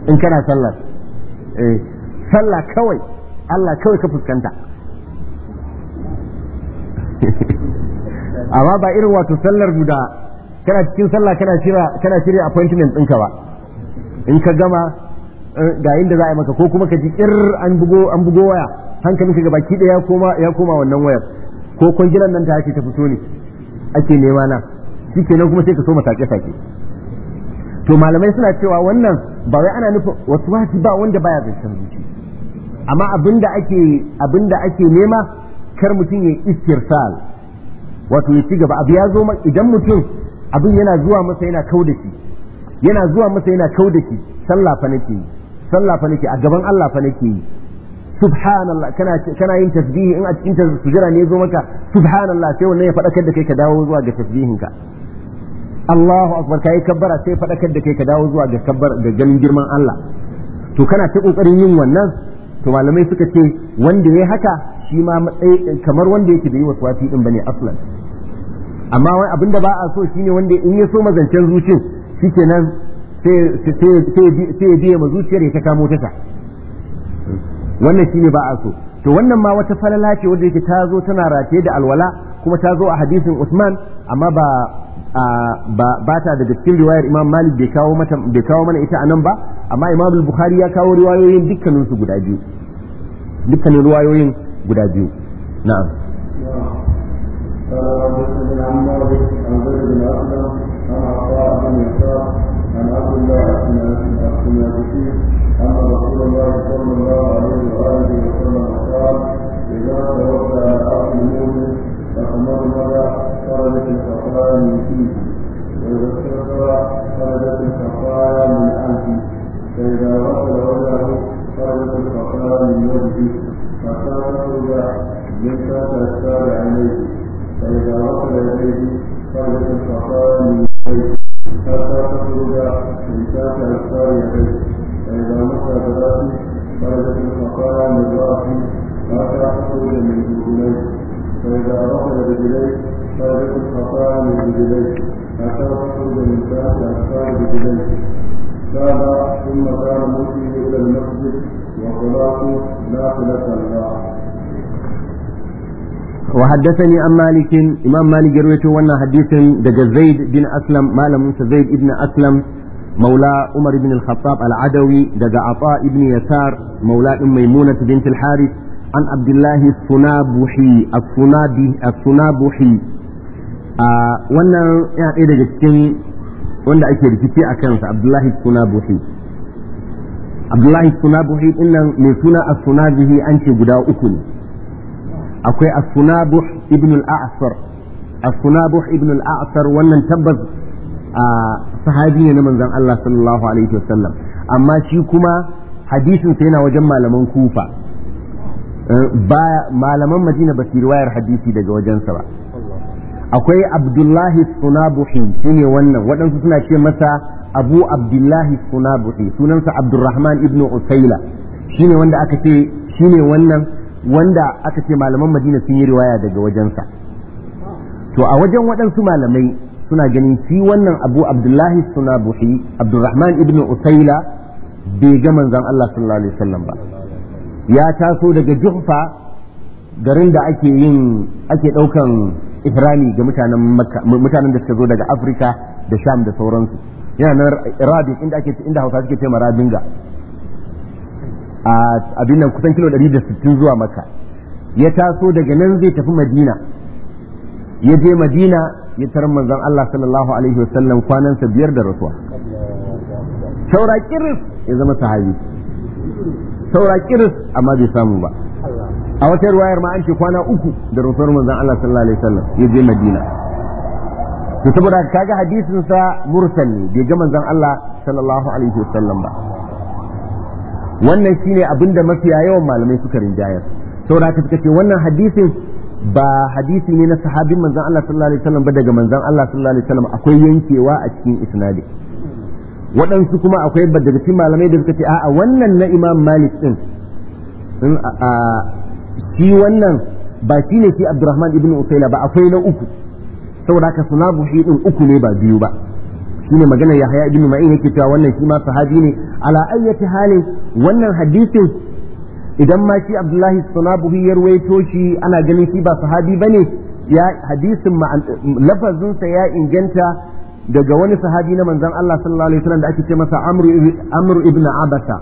in kana sallar eh, sallah kawai Allah kawai ka fuskanta amma ba irin wato sallar guda kana cikin sallah kana shirya kana shirya appointment ɗinka ba in ka gama eh, ga inda za a yi maka ko kuma ka ji kir an bugo an bugo waya hankalin ka gaba kiɗa ya koma ya koma wannan wayar ko kwangilan nan ta ake ta fito ne ake nema na shi kuma sai ka so sake sake to malamai suna cewa wannan ba wai ana nufin wasu wasi ba wanda baya zancen zuci amma abinda ake abinda ake nema kar mutum ya istirsal wato ya ci gaba abu ya zo idan mutum abin yana zuwa masa yana kau da shi yana zuwa masa yana kau da shi sallah fa nake yi sallah fa nake a gaban Allah fa nake yi subhanallah kana kana yin tasbihi in a cikin tasbihira ne zo maka subhanallah sai wannan ya fadakar da kai ka dawo zuwa ga tasbihinka. Allahu akbar kai kabbara sai fadakar da kai ka dawo zuwa ga kabbar ga ganin girman Allah to kana ta kokarin yin wannan to malamai suka ce wanda yayi haka shi ma kamar wanda yake da yi waswasi din bane aslan amma wani abin da ba a so shine wanda in ya so mazancen zuciyar shikenan sai ya biya ma zuciyar ya ta kamo ta wannan shine ba a so to wannan ma wata falala ce wanda yake ta zo tana rataye da alwala kuma ta zo a hadisin Usman amma ba ba ta daga cikin riwayar Imam Malik bai kawo mata bai kawo mana ita anan ba amma Imam Bukhari ya kawo riwayoyin dukkanin su guda biyu dukkanin riwayoyin guda biyu na'am عن عبد الله بن الحنابلي أن رسول الله صلى الله عليه وآله وسلم قال إذا توفى عبد المؤمن فحمر مدى خرجت الخطايا من فيه وإذا استغفر خرجت الخطايا من عنه فإذا غسل وجهه خرجت الخطايا من وجهه مسافة الباء ينفع السابع عليه فإذا وصل إليه فرجة الخطايا من إليه مسافة الباء ينفع السابع عليه فإذا وصل براسه فرجة الخطايا من راسه مسافة الباء من رجليه فإذا وصل رجليه فرجة الخطايا من رجليه مسافة الباء من كافة أسفار رجليه قال ثم كان مسلم إلى المسجد wa haddathani an malikin imam malik ya wannan hadisin daga zaid bin aslam malamin sa zaid aslam maula umar ibn al-khattab daga afa ibn yasar maula ibn maimuna bint al-harith an abdullah sunabuhi as-sunabi as-sunabuhi wannan ya dai daga cikin wanda ake rikice akan sa suna buhi. abdullahi mai suna as-sunabihi an ce guda uku ne akwai as ibn ibn wannan tabbas a sahabi ne na manzon Allah sallallahu alaihi wasallam amma shi kuma hadisin sa yana wajen malaman kufa eh, ba malaman madina ba su riwayar hadisi daga wajensa ba akwai abdullahi sunabuhi shine wannan waɗansu suna ce masa abu abdullahi sunabu'i sunansa abdurrahman ibnu usaila shine wanda aka ce shine wannan wanda aka malaman madina sun yi riwaya daga wajensa to a wajen waɗansu malamai suna ganin shi wannan abu abdullahi sunabu'i abdurrahman ibnu usaila bai ga manzon Allah sallallahu alaihi wasallam ba ya taso daga juhfa garin da ake yin ake ɗaukan ihrami ga mutanen mutanen da suka zo daga Afirka da Sham da sauransu yana nan rabin inda ake inda hausa suke ce ga. a abin nan kusan kilo 160 zuwa maka ya taso daga nan zai tafi madina ya je madina ya tarar manzan Allah sallallahu alaihi wasallam kwanansa biyar da rasuwa saura kiris ya zama sahabi saura kiris amma bai samu ba a wata ruwayar ma an ce kwana uku da rasuwar manzan Allah sallallahu alaihi wasallam ya je madina to saboda kaga hadisin sa mursal ne bai ga manzon Allah sallallahu alaihi wasallam ba wannan shine abinda mafiya yawan malamai suka rinjayar saboda ka suka wannan hadisin ba hadisi ne na sahabin manzon Allah sallallahu alaihi wasallam ba daga manzon Allah sallallahu alaihi wasallam akwai yankewa a cikin isnadi waɗansu kuma akwai daga cikin malamai da suka ce a'a wannan na Imam Malik din shi wannan ba shine shi Abdurrahman ibn Usaila ba akwai na uku saboda haka sunabuhi din uku ne ba biyu ba shine magana Yahya ibn Ma'in yake cewa wannan shi ma sahabi ne ala ayyati halin wannan hadisin idan ma shi Abdullahi sunabuhi ya ruwaito shi ana ganin shi ba sahabi bane ya hadisin lafazin sa ya inganta daga wani sahabi na manzon Allah sallallahu alaihi wasallam da ake ce masa amru ibn Abasa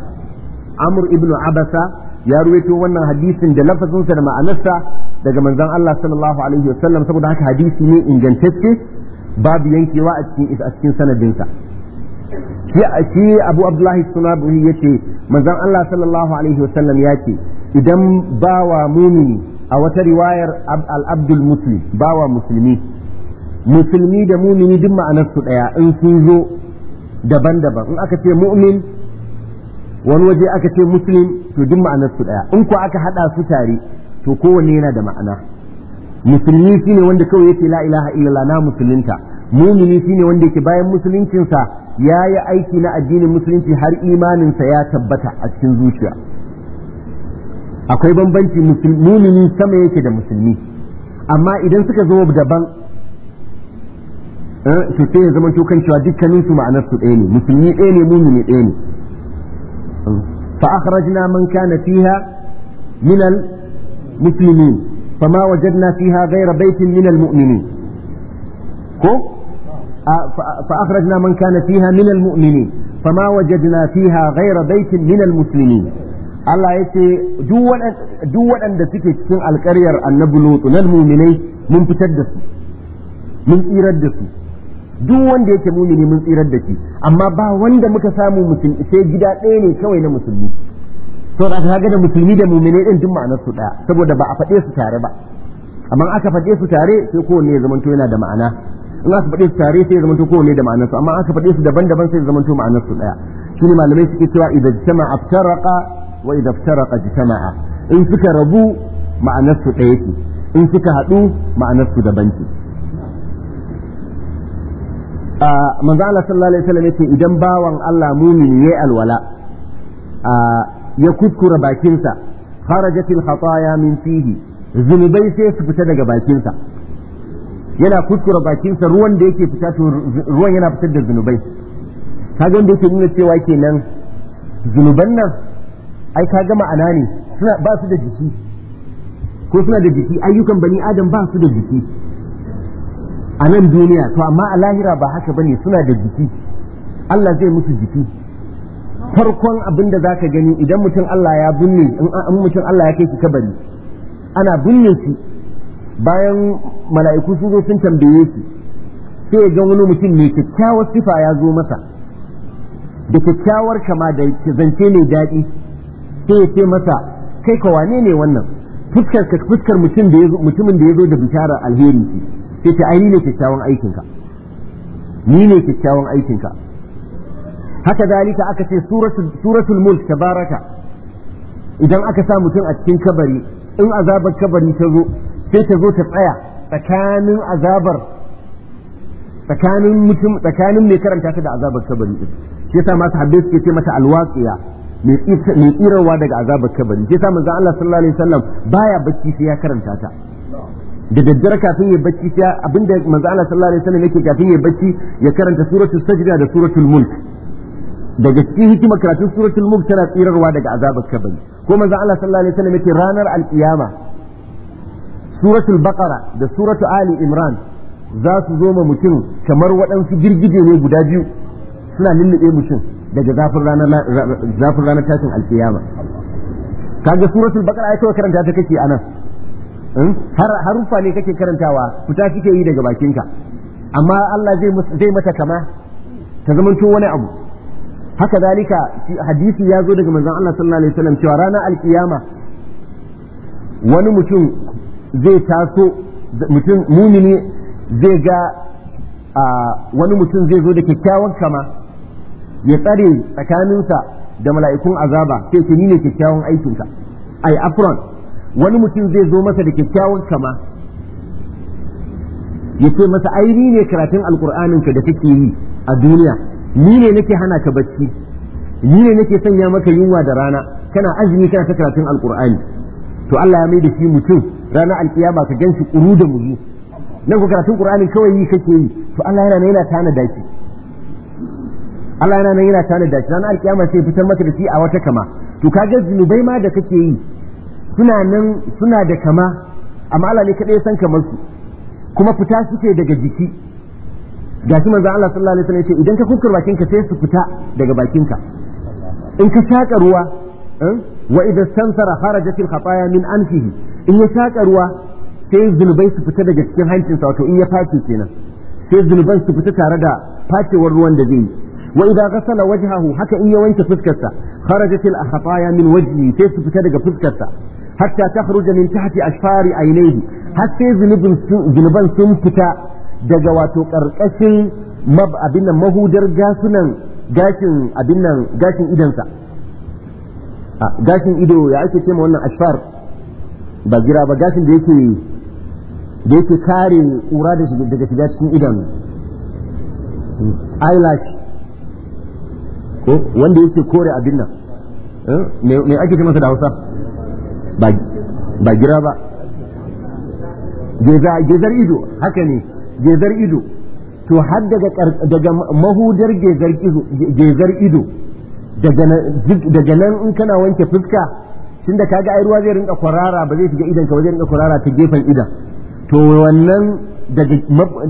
ibn Abasa ya ruwaito wannan hadisin da lafazin sa da ma'anarsa daga manzon Allah sallallahu alaihi wasallam saboda haka hadisi ne ingantacce babu yankewa a cikin a cikin sanadinsa shi Abu Abdullahi Sunabuhi yace manzon Allah sallallahu alaihi wasallam yake idan bawa mumini a wata riwayar al-abdul muslim bawa musulmi musulmi da mumini duk ma'anar su daya in sun zo daban-daban in aka ce mu'min wani waje aka ce muslim to duk ma'anar su daya in ko aka hada su tare to kowanne yana da ma'ana musulmi shine wanda kawai yace la ilaha illallah na musulunta mumini shine wanda yake bayan musuluncinsa ya yi aiki na addinin musulunci har imaninsa ya tabbata a cikin zuciya akwai bambanci mumini sama yake da musulmi amma idan suka zo daban su eh, sai ya zama kan cewa dukkaninsu ma'anarsu ɗaya ne musulmi ɗaya ne mumini ɗaya ne fa akhrajna man kana fiha min مسلمين فما وجدنا فيها غير بيت من المؤمنين كو فأخرجنا من كان فيها من المؤمنين فما وجدنا فيها غير بيت من المسلمين Allah ya ce duk waɗanda suke cikin alƙaryar annabi Lutu nan muminai mun fitar da su mun tsirar da su duk wanda yake mumini mun tsirar da shi amma ba wanda muka samu musulmi sai gida ɗaya ne kawai na musulmi so da kaga da musulmi da mu'mini din duk ma'anar su daya saboda ba a faɗe su tare ba amma aka faɗe su tare sai kowanne ya zamanto yana da ma'ana in aka faɗe su tare sai ya zamanto kowanne da ma'anar su amma aka faɗe su daban-daban sai ya zamanto ma'anar su daya ne malamai suke cewa idan jama'a ftaraqa wa idan ftaraqa jama'a in suka rabu ma'anar su daya ce in suka haɗu ma'anar su daban ce manzo Allah sallallahu alaihi wasallam yace idan bawan Allah mumini yayi alwala ya kuskura bakinsa kharajatil khataaya min fihi zunubai sai su fita daga bakinsa yana kuskura bakinsa ruwan da yake fita to ruwan yana fitar da zunubai kaga wanda yake nuna cewa kenan zunuban nan ai kaga ma'ana ne suna ba su da jiki ko suna da jiki ayyukan bani adam ba su da jiki a nan duniya to amma a lahira ba haka bane suna da jiki Allah zai musu jiki farkon abin da zaka gani idan mutum Allah ya binne in mutum Allah ya kai shi kabari ana binne shi bayan mala'iku sun zo sun tambaye shi sai ya ga wani mutum mai kyakkyawar sifa ya zo masa da kyakkyawar kama da zance mai daɗi sai ya ce masa kai ka wane ne wannan fuskar fuskar mutum da mutumin da ya zo da bisharar alheri shi sai ta ai ne kyakkyawan aikinka ni ne kyakkyawan aikinka haka zalika aka ce suratul mulk tabaraka idan aka sa mutum a cikin kabari in azabar kabari ta zo sai ta zo ta tsaya tsakanin azabar tsakanin mutum tsakanin mai karanta ta da azabar kabari din shi sa masu habbe suke ce mata alwaqiya mai tsirarwa daga azabar kabari shi sa manzo Allah sallallahu alaihi wasallam baya bacci sai ya karanta ta da daddare kafin ya bacci sai abinda manzo Allah sallallahu alaihi wasallam yake kafin ya bacci ya karanta suratul sajda da suratul mulk daga cikin hikimar karatun suratul mulk tana tsirarwa daga azabar kabari ko manzo Allah sallallahu alaihi wasallam yace ranar alkiyama suratul baqara da suratul ali imran za su zo ma mutum kamar waɗansu girgije ne guda biyu suna lullube mutum daga zafin ranar zafin ranar tashin alkiyama kaga suratul baqara ai kawai karanta ta kake anan hmm? har harufa ne kake karantawa fita kike yi daga bakinka amma Allah zai zai mata kama ta zamanto wani abu haka zalika hadisi ya zo daga manzon Allah sallallahu alaihi wasallam cewa ranar alkiyama wani mutum zai taso mutum mumini zai ga wani mutum zai zo da kyakkyawan kama ya tsare tsakaninsa da mala'ikun azaba sai ke ni ne kyakkyawan aikinka ai afron wani mutum zai zo masa da kyakkyawan kama ya ce masa ai ni ne karatun alkur'aninka da kake yi a duniya ni ne nake hana ka bacci ni ne nake sanya maka yunwa da rana kana azumi kana ta karatun alqur'ani to Allah ya mai da shi mutum ranar alkiyama ka ganshi kuru da muzu nan ku karatun qur'ani kawai yi kake yi to Allah yana yana tana da shi Allah yana yana tana da shi ranar alkiyama sai fitar maka da shi a wata kama to kaga zunubai ma da kake yi suna nan suna da kama amma Allah ne kadai ya san kamar su kuma fita suke daga jiki gashi manzo Allah sallallahu alaihi wasallam yace idan ka kuskura bakinka sai su fita daga bakinka in ka shaka ruwa eh, wa idza stansara kharajat al khataya min anfihi in ya shaka ruwa sai zunubai su fita daga cikin hancinsa wato in ya face kenan sai zunuban su fita tare da facewar ruwan da zai yi wa idza ghasala wajhahu haka in ya wanke fuskarsa kharajat al khataya min wajhi sai su fita daga fuskarsa hatta takhruja min tahti ashfari aynayhi har sai zunuban sun fita daga wato karkashin mab abin nan mahudar gasunan gashin abin nan gashin idonsa. gashin ido ya ake cewa wannan ashfar ba gira ba gashin da yake da yake kare kura da shi daga shiga cikin idan eyelash ko wanda yake kore abin nan eh, me ake cewa masa da Hausa ba gira ba gezar ido haka ne gezar ido to har daga mahudar gezar ido daga nan in kana wanke fuska tunda kaga ai ruwa zai rinka kwarara ba zai shiga idan ka ba zai rinka kwarara ta gefen idan to wannan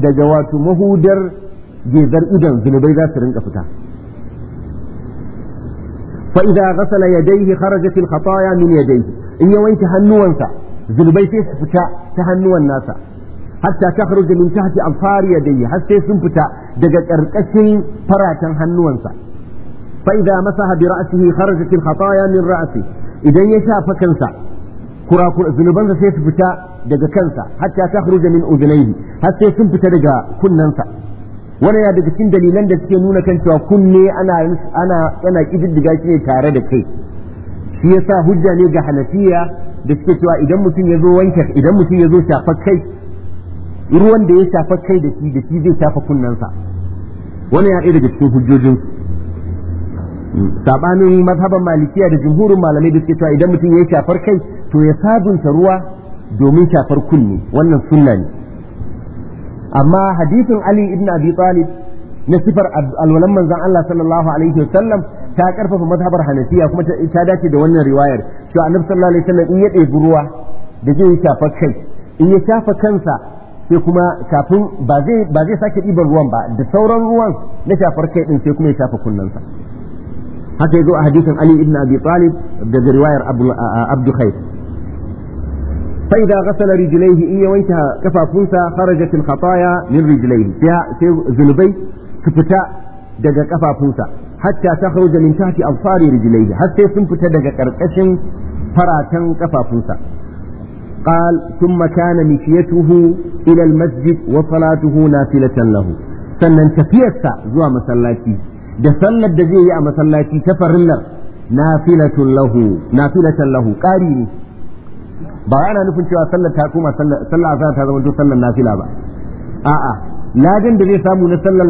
daga wato mahudar gezar idan zunubai za su rinka fita fa idza ya yadayhi kharajat al khataya min yadayhi in ya wanke hannuwansa zunubai sai su fita ta hannuwan nasa hatta takhruja afari yadayhi har sai sun fita daga ƙarƙashin faratan hannuwansa fa masa masaha bi ra'sihi khataya min ra'asi idan ya shafa kansa kurakura zunubansa sai su fita daga kansa hatta takhruja min udhnayhi har sai sun fita daga kunnansa wannan yana daga cikin dalilan da suke nuna kan cewa kunne ana ana ana kididdiga shi ne tare da kai shi yasa hujja ne ga hanafiya da suke cewa idan mutum ya zo wanke idan mutum ya zo kai ruwan da ya shafa kai da shi da shi zai shafa kunnansa wani ya ɗaya daga cikin hujjojin hmm. sabanin mazhaban malikiya da jumhurin malamai da suke cewa idan mutum ya shafar kai to ya sabunta ruwa domin shafar kunne wannan sunna ne amma hadisin ali ibn abi talib na sifar alwalan manzon Allah sallallahu alaihi wasallam ta karfafa mazhabar hanafiya kuma ta dace da wannan riwayar cewa annabi sallallahu alaihi wasallam in ya ɗebi ruwa da zai shafa kai in ya shafa kansa sai kuma kafin ba zai ba zai sake ɗiban ruwan ba da sauran ruwan na shafar kai din sai kuma ya shafa kunnensa haka yazo a hadisin Ali ibn Abi Talib da riwayar Abdul Khair fa idza ghasala rijlaihi in ya wanke kafafunsa kharajat al khataya min rijlaihi sai zunubai su fita daga kafafunsa hatta takhruja min tahti absari rijlaihi har sai sun fita daga karkashin faratan kafafunsa قال ثم كان مشيته إلى المسجد وصلاته نافلة له sannan tafiyarsa zuwa masallaci da sallar da zai yi a masallaci ta farillar nafilatun lahu nafilatan lahu ƙari ne ba ana nufin cewa sallar ta koma sallar azhar ta zama sallar na fila ba a'a ladan da zai samu na sallar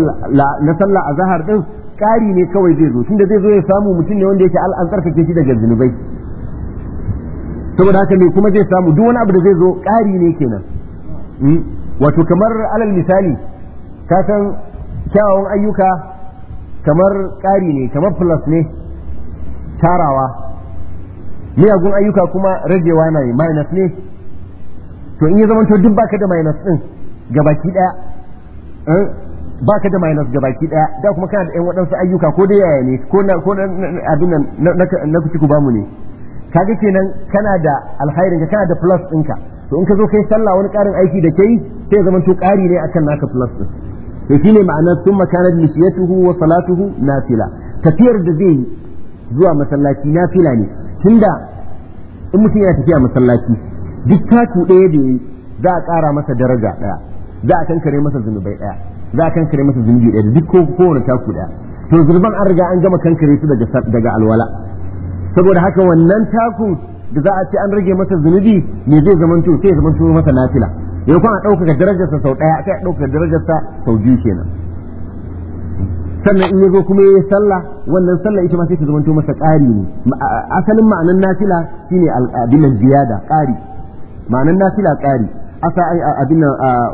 na sallar din ƙari ne kawai zai zo tunda zai zo ya samu mutum ne wanda yake al'an tsarkake shi daga zunubai saboda haka ne kuma zai samu duk wani abu da zai zo ƙari ne kenan wato kamar alal misali ka san kyawawan ayyuka kamar ƙari ne kamar plus ne tarawa miyagun ayyuka kuma ragewa na minus ne to in ya zamanto duk baka da minus ɗin gabaki ɗaya baka da minus gabaki ɗaya da kuma kana da 'yan waɗansu ayyuka ko da yaya ne ko na abin nan na ku bamu ne kaga kenan kana da alkhairin ka kana da plus ɗinka to in ka zo kai sallah wani karin aiki da kai sai zaman to kari ne akan naka plus ɗin to shine ma'ana sun makanar mishiyatuhu wa salatuhu nafila tafiyar da zai yi zuwa masallaci nafila ne tunda in mutum yana tafiya masallaci duk taku ɗaya da yi za a ƙara masa daraja ɗaya za a kankare masa zunubai ɗaya za a kankare masa zunubi ɗaya da duk kowane taku ɗaya to zurban an riga an gama kankare su daga alwala saboda haka wannan takun da za a ce an rage masa zunubi ne zai to sai zama masa nafila yau kuma a ɗaukaka darajarsa sau ɗaya sai a ɗaukaka darajarsa sau biyu kenan sannan in ya zo kuma ya sallah wannan sallah ita ma sai ta zamanto masa ƙari ne asalin ma'anan nafila shine abinan ziyada ƙari ma'anan nafila ƙari asa abin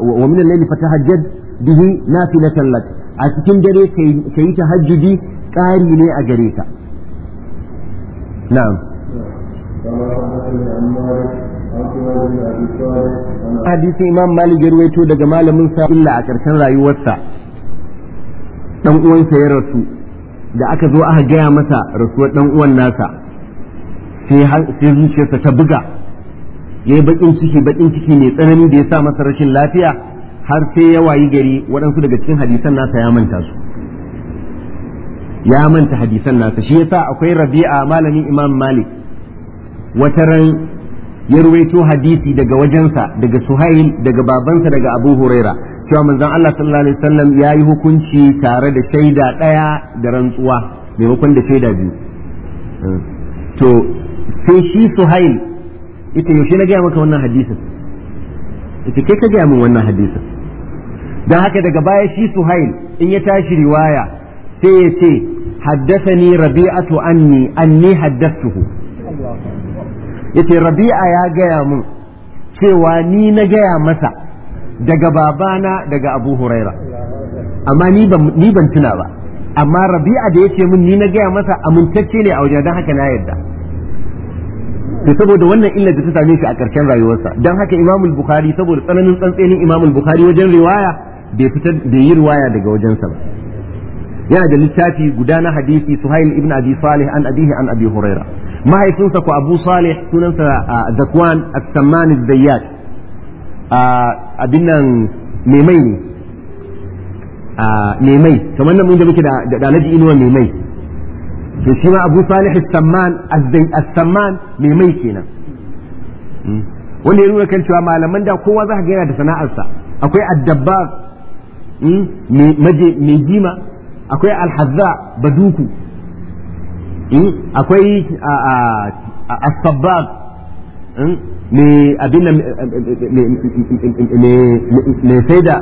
wa min al-layli fatahajjad bihi nafilatan lak a cikin dare kai ta tahajjudi ƙari ne a gare ka نعم حديث imam malik ya ruwaito daga malamin sa illa a ƙarshen rayuwarsa dan uwansa ya rasu da aka zo aka gaya masa rasuwar dan uwan nasa sai zuciyarsa ta buga ya yi bakin ciki bakin ciki mai tsanani da ya sa masa rashin lafiya har sai ya wayi gari waɗansu daga cikin hadisan nasa ya manta su ya manta hadisan nasa shi yasa akwai rabi'a malamin imam malik ran ya ruwaito hadisi daga wajensa daga suhail daga babansa daga abu huraira cewa manzon Allah sallallahu alaihi wasallam ya yi hukunci tare da shaida ɗaya da rantsuwa maimakon da shaida biyu to sai shi suhail ita yaushe na gaya maka wannan hadisin ita kai ka gaya min wannan hadisin don haka daga baya shi suhail in ya tashi riwaya sai ya ce haddasani rabi'atu anni anni haddastuhu yace rabi'a ya gaya mun cewa ni na gaya masa daga babana daga abu huraira amma ni ban tuna ba amma rabi'a da ya ce mun ni na gaya masa amintacce ne a wajen don haka na yarda to saboda wannan illar da ta same shi a ƙarshen rayuwarsa don haka imamul bukhari saboda tsananin tsantsenin imamul bukhari wajen riwaya bai da yi riwaya daga wajensa ba yana da littafi guda na hadisi suhail ibn abi salih an abihi an abi huraira mahaifinsa ko abu salih sunansa zakwan as-samman az-zayyat abin nan memai ne memai kamar nan mun da muke da dalaji inuwa memai to shi ma abu salih as-samman as-samman memai kenan hmm. wanda ya nuna kan cewa malaman da kowa za ka ga yana da sana'arsa akwai addabba hmm, mai jima akwai alhazza baduku hmm? akwai asabbab mai hmm? mai sai da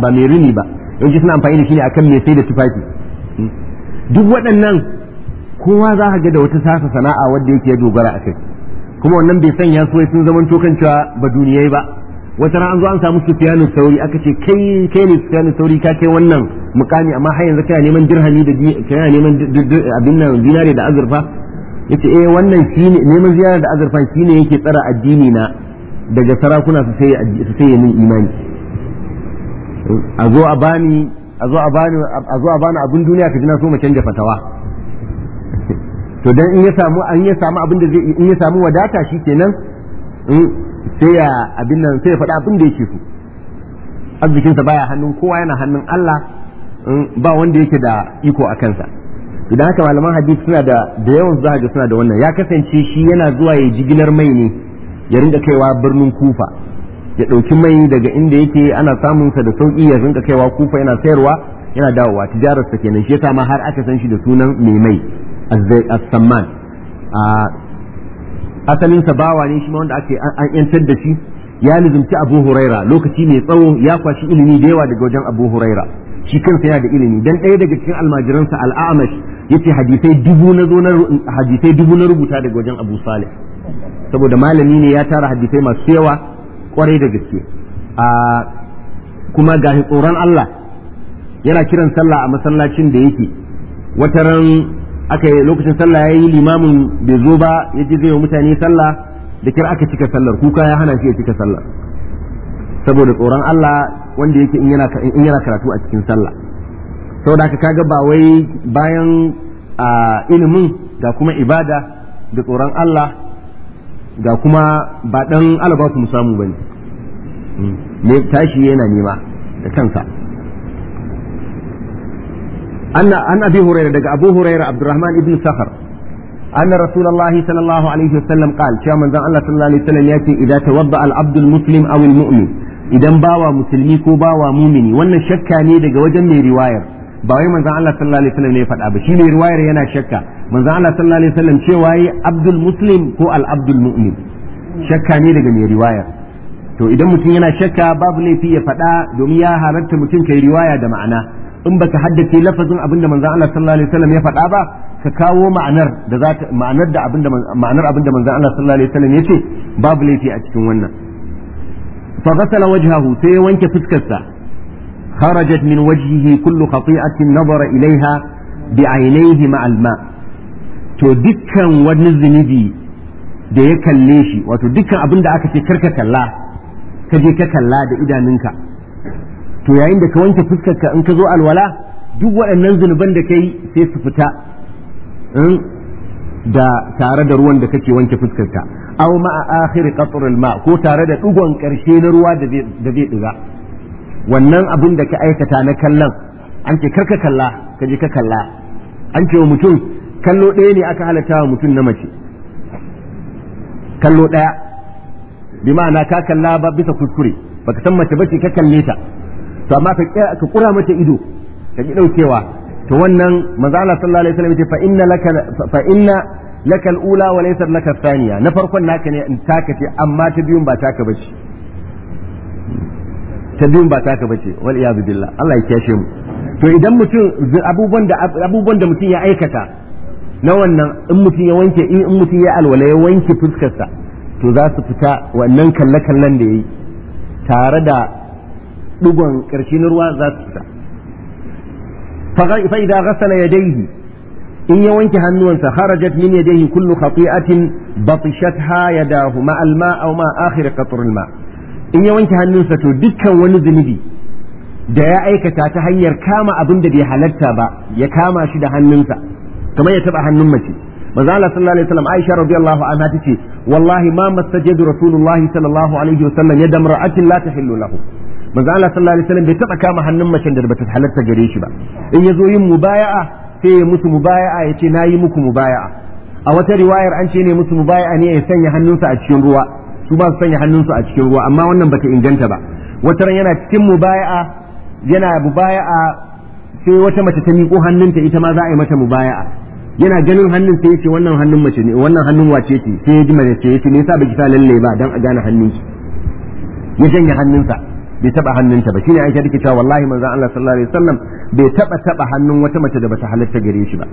ba mai rini ba ji suna amfani da shi ne akan mai sai da tufafi hmm? duk waɗannan kowa za ka ga da wata sasa sana'a wadda yake ya dogara a kai kuma wannan bai sanya su sun zaman tokan cewa ba duniyai ba wata ran an zo an samu sufiyanu sauri aka ce kai kai ne sufiyanu sauri ka kai wannan mukami amma har yanzu kana neman dirhami da kana neman abin nan dinare da azurfa yace eh wannan shine neman ziyara da azurfa shine yake tsara addini na daga sarakuna su sai su sai yin imani a zo a bani a zo a bani a a bani abin duniya ka na so mu canja fatawa to dan in ya samu an ya samu abin da zai in ya samu wadata shikenan sai ya abin nan sai ya faɗa abin da yake so arzikinsa baya hannun kowa yana hannun Allah ba wanda yake da iko a kansa idan haka malaman hadith suna da da yawan za ga suna da wannan ya kasance shi yana zuwa ya jigilar mai ne ya rinka kaiwa birnin kufa ya ɗauki mai daga inda yake ana samun sa da sauki ya rinka kaiwa kufa yana sayarwa yana dawowa tijarar sa kenan shi yasa ma har aka san shi da sunan mai mai as-samman asalin sa bawa ne shi ma wanda ake an yantar da shi ya lizumci Abu Huraira lokaci mai tsawo ya kwashi ilimi da yawa daga wajen Abu Huraira shi kansa yana da ilimi dan ɗaya daga cikin almajiransa al'amash yace hadisai dubu na hadisai dubu na rubuta daga wajen Abu Salih saboda malami ne ya tara hadisai masu yawa kwarai da gaske a kuma ga tsoron Allah yana kiran sallah a masallacin da yake wataran aka yi lokacin sallah yayi limamin bai zo ba yaji zai yi mutane sallah da kira aka cika sallar kuka ya hana shi ya cika sallar saboda tsoron Allah wanda yake in yana karatu a cikin sallah saboda ka kaga ba wai bayan a ilimin ga kuma ibada da tsoron Allah ga kuma ba dan alaba ku samu bane ne hmm. tashi yana nema da kansa anna an abi hurairah daga abu hurairah abdurrahman ibn sakhar أن رسول الله صلى الله عليه وسلم قال شاء من ذا الله صلى الله عليه وسلم يأتي إذا توضأ العبد المسلم أو المؤمن idan bawa musulmi ko bawa mumini wannan shakka ne daga wajen mai riwayar ba wai manzon Allah sallallahu alaihi wasallam ne ya faɗa ba shi mai riwayar yana shakka manzon Allah sallallahu alaihi wasallam cewa yi abdul muslim ko al abdul mu'min shakka ne daga mai riwayar to idan mutum yana shakka babu laifi ya faɗa domin ya halatta mutum kai riwaya da ma'ana in baka haddace lafazin abin da manzon Allah sallallahu alaihi wasallam ya faɗa ba ka kawo ma'anar da za ta ma'anar da abin da ma'anar abin da manzon Allah sallallahu alaihi wasallam ya ce babu laifi a cikin wannan fa ghasala wajhahu sai ya wanke fuskarsa kharajat min wajhihi kullu khati'atin nazara ilaiha bi ainihi ma alma to dukkan wani zunubi da ya kalle shi wato dukkan abinda aka ce karka kalla ka ka kalla da idanunka to yayin da ka wanke fuskarka in ka zo alwala duk waɗannan zunuban da kai sai su fita hmm? da tare da ruwan da kake wanke fuskarka aw ma akhir qatr al-ma ko tare da dugon karshe na ruwa da zai diga wannan abin da ka aikata na kallon an ce karka kalla ka je ka kalla an ce wa mutum kallo ɗaya ne aka halatta wa mutum na mace kallo ɗaya bi ma'ana ka kalla ba bisa kuskure baka san mace ce ka kalle ta to amma ka kura mata ido ka ɗaukewa. to wannan manzo Allah sallallahu alaihi wasallam yace fa inna laka fa inna laka wa laysa laka thaniya na farkon naka ne in taka ce amma ta biyun ba taka bace ta biyun ba taka bace wal iyad billah Allah ya kiyashe mu to idan mutum abubuwan da abubuwan da mutum ya aikata na wannan in mutum ya wanke in mutum ya alwala ya wanke fuskarsa to za su fita wannan kalle-kallen da yayi tare da dugon ƙarshe na ruwa za su fita fa idza ghassala yadayhi in ya wanke hannuwansa kharajat min yadayhi kullu khati'atin batishatha yadahu ma alma a ma akhir qatr alma in ya wanke hannun sa to dukkan wani zunubi da ya aikata ta hanyar kama abin da bai halarta ba ya kama shi da hannunsa kamar ya taba hannun mace manzo Allah sallallahu alaihi wasallam Aisha radiyallahu anha tace wallahi ma masajadu rasulullahi sallallahu alaihi wasallam yadamra'atin la tahillu lahu manzo Allah sallallahu alaihi wasallam bai taba kama hannun mace da bata halarta gare shi ba in yazo yin mubaya'a sai ya musu mubaya'a ce nayi muku mubaya'a a wata riwayar an ce ne musu mubaya'a ne ya sanya hannunsa a cikin ruwa su ba su sanya hannunsu a cikin ruwa amma wannan bata inganta ba wata ran yana cikin mubaya'a yana mubaya'a sai wata mace ta miƙo hannunta ita ma za a yi mata mubaya'a yana ganin hannun sai yace wannan hannun mace ne wannan hannun wace ce sai ya ji mace ce yace ya sa baki sa lalle ba dan a gane hannunki ya janye hannunsa bai taba hannunta ba shine Aisha take cewa wallahi manzon Allah sallallahu alaihi wasallam bai taba taba hannun wata mace da bata halatta gare shi ba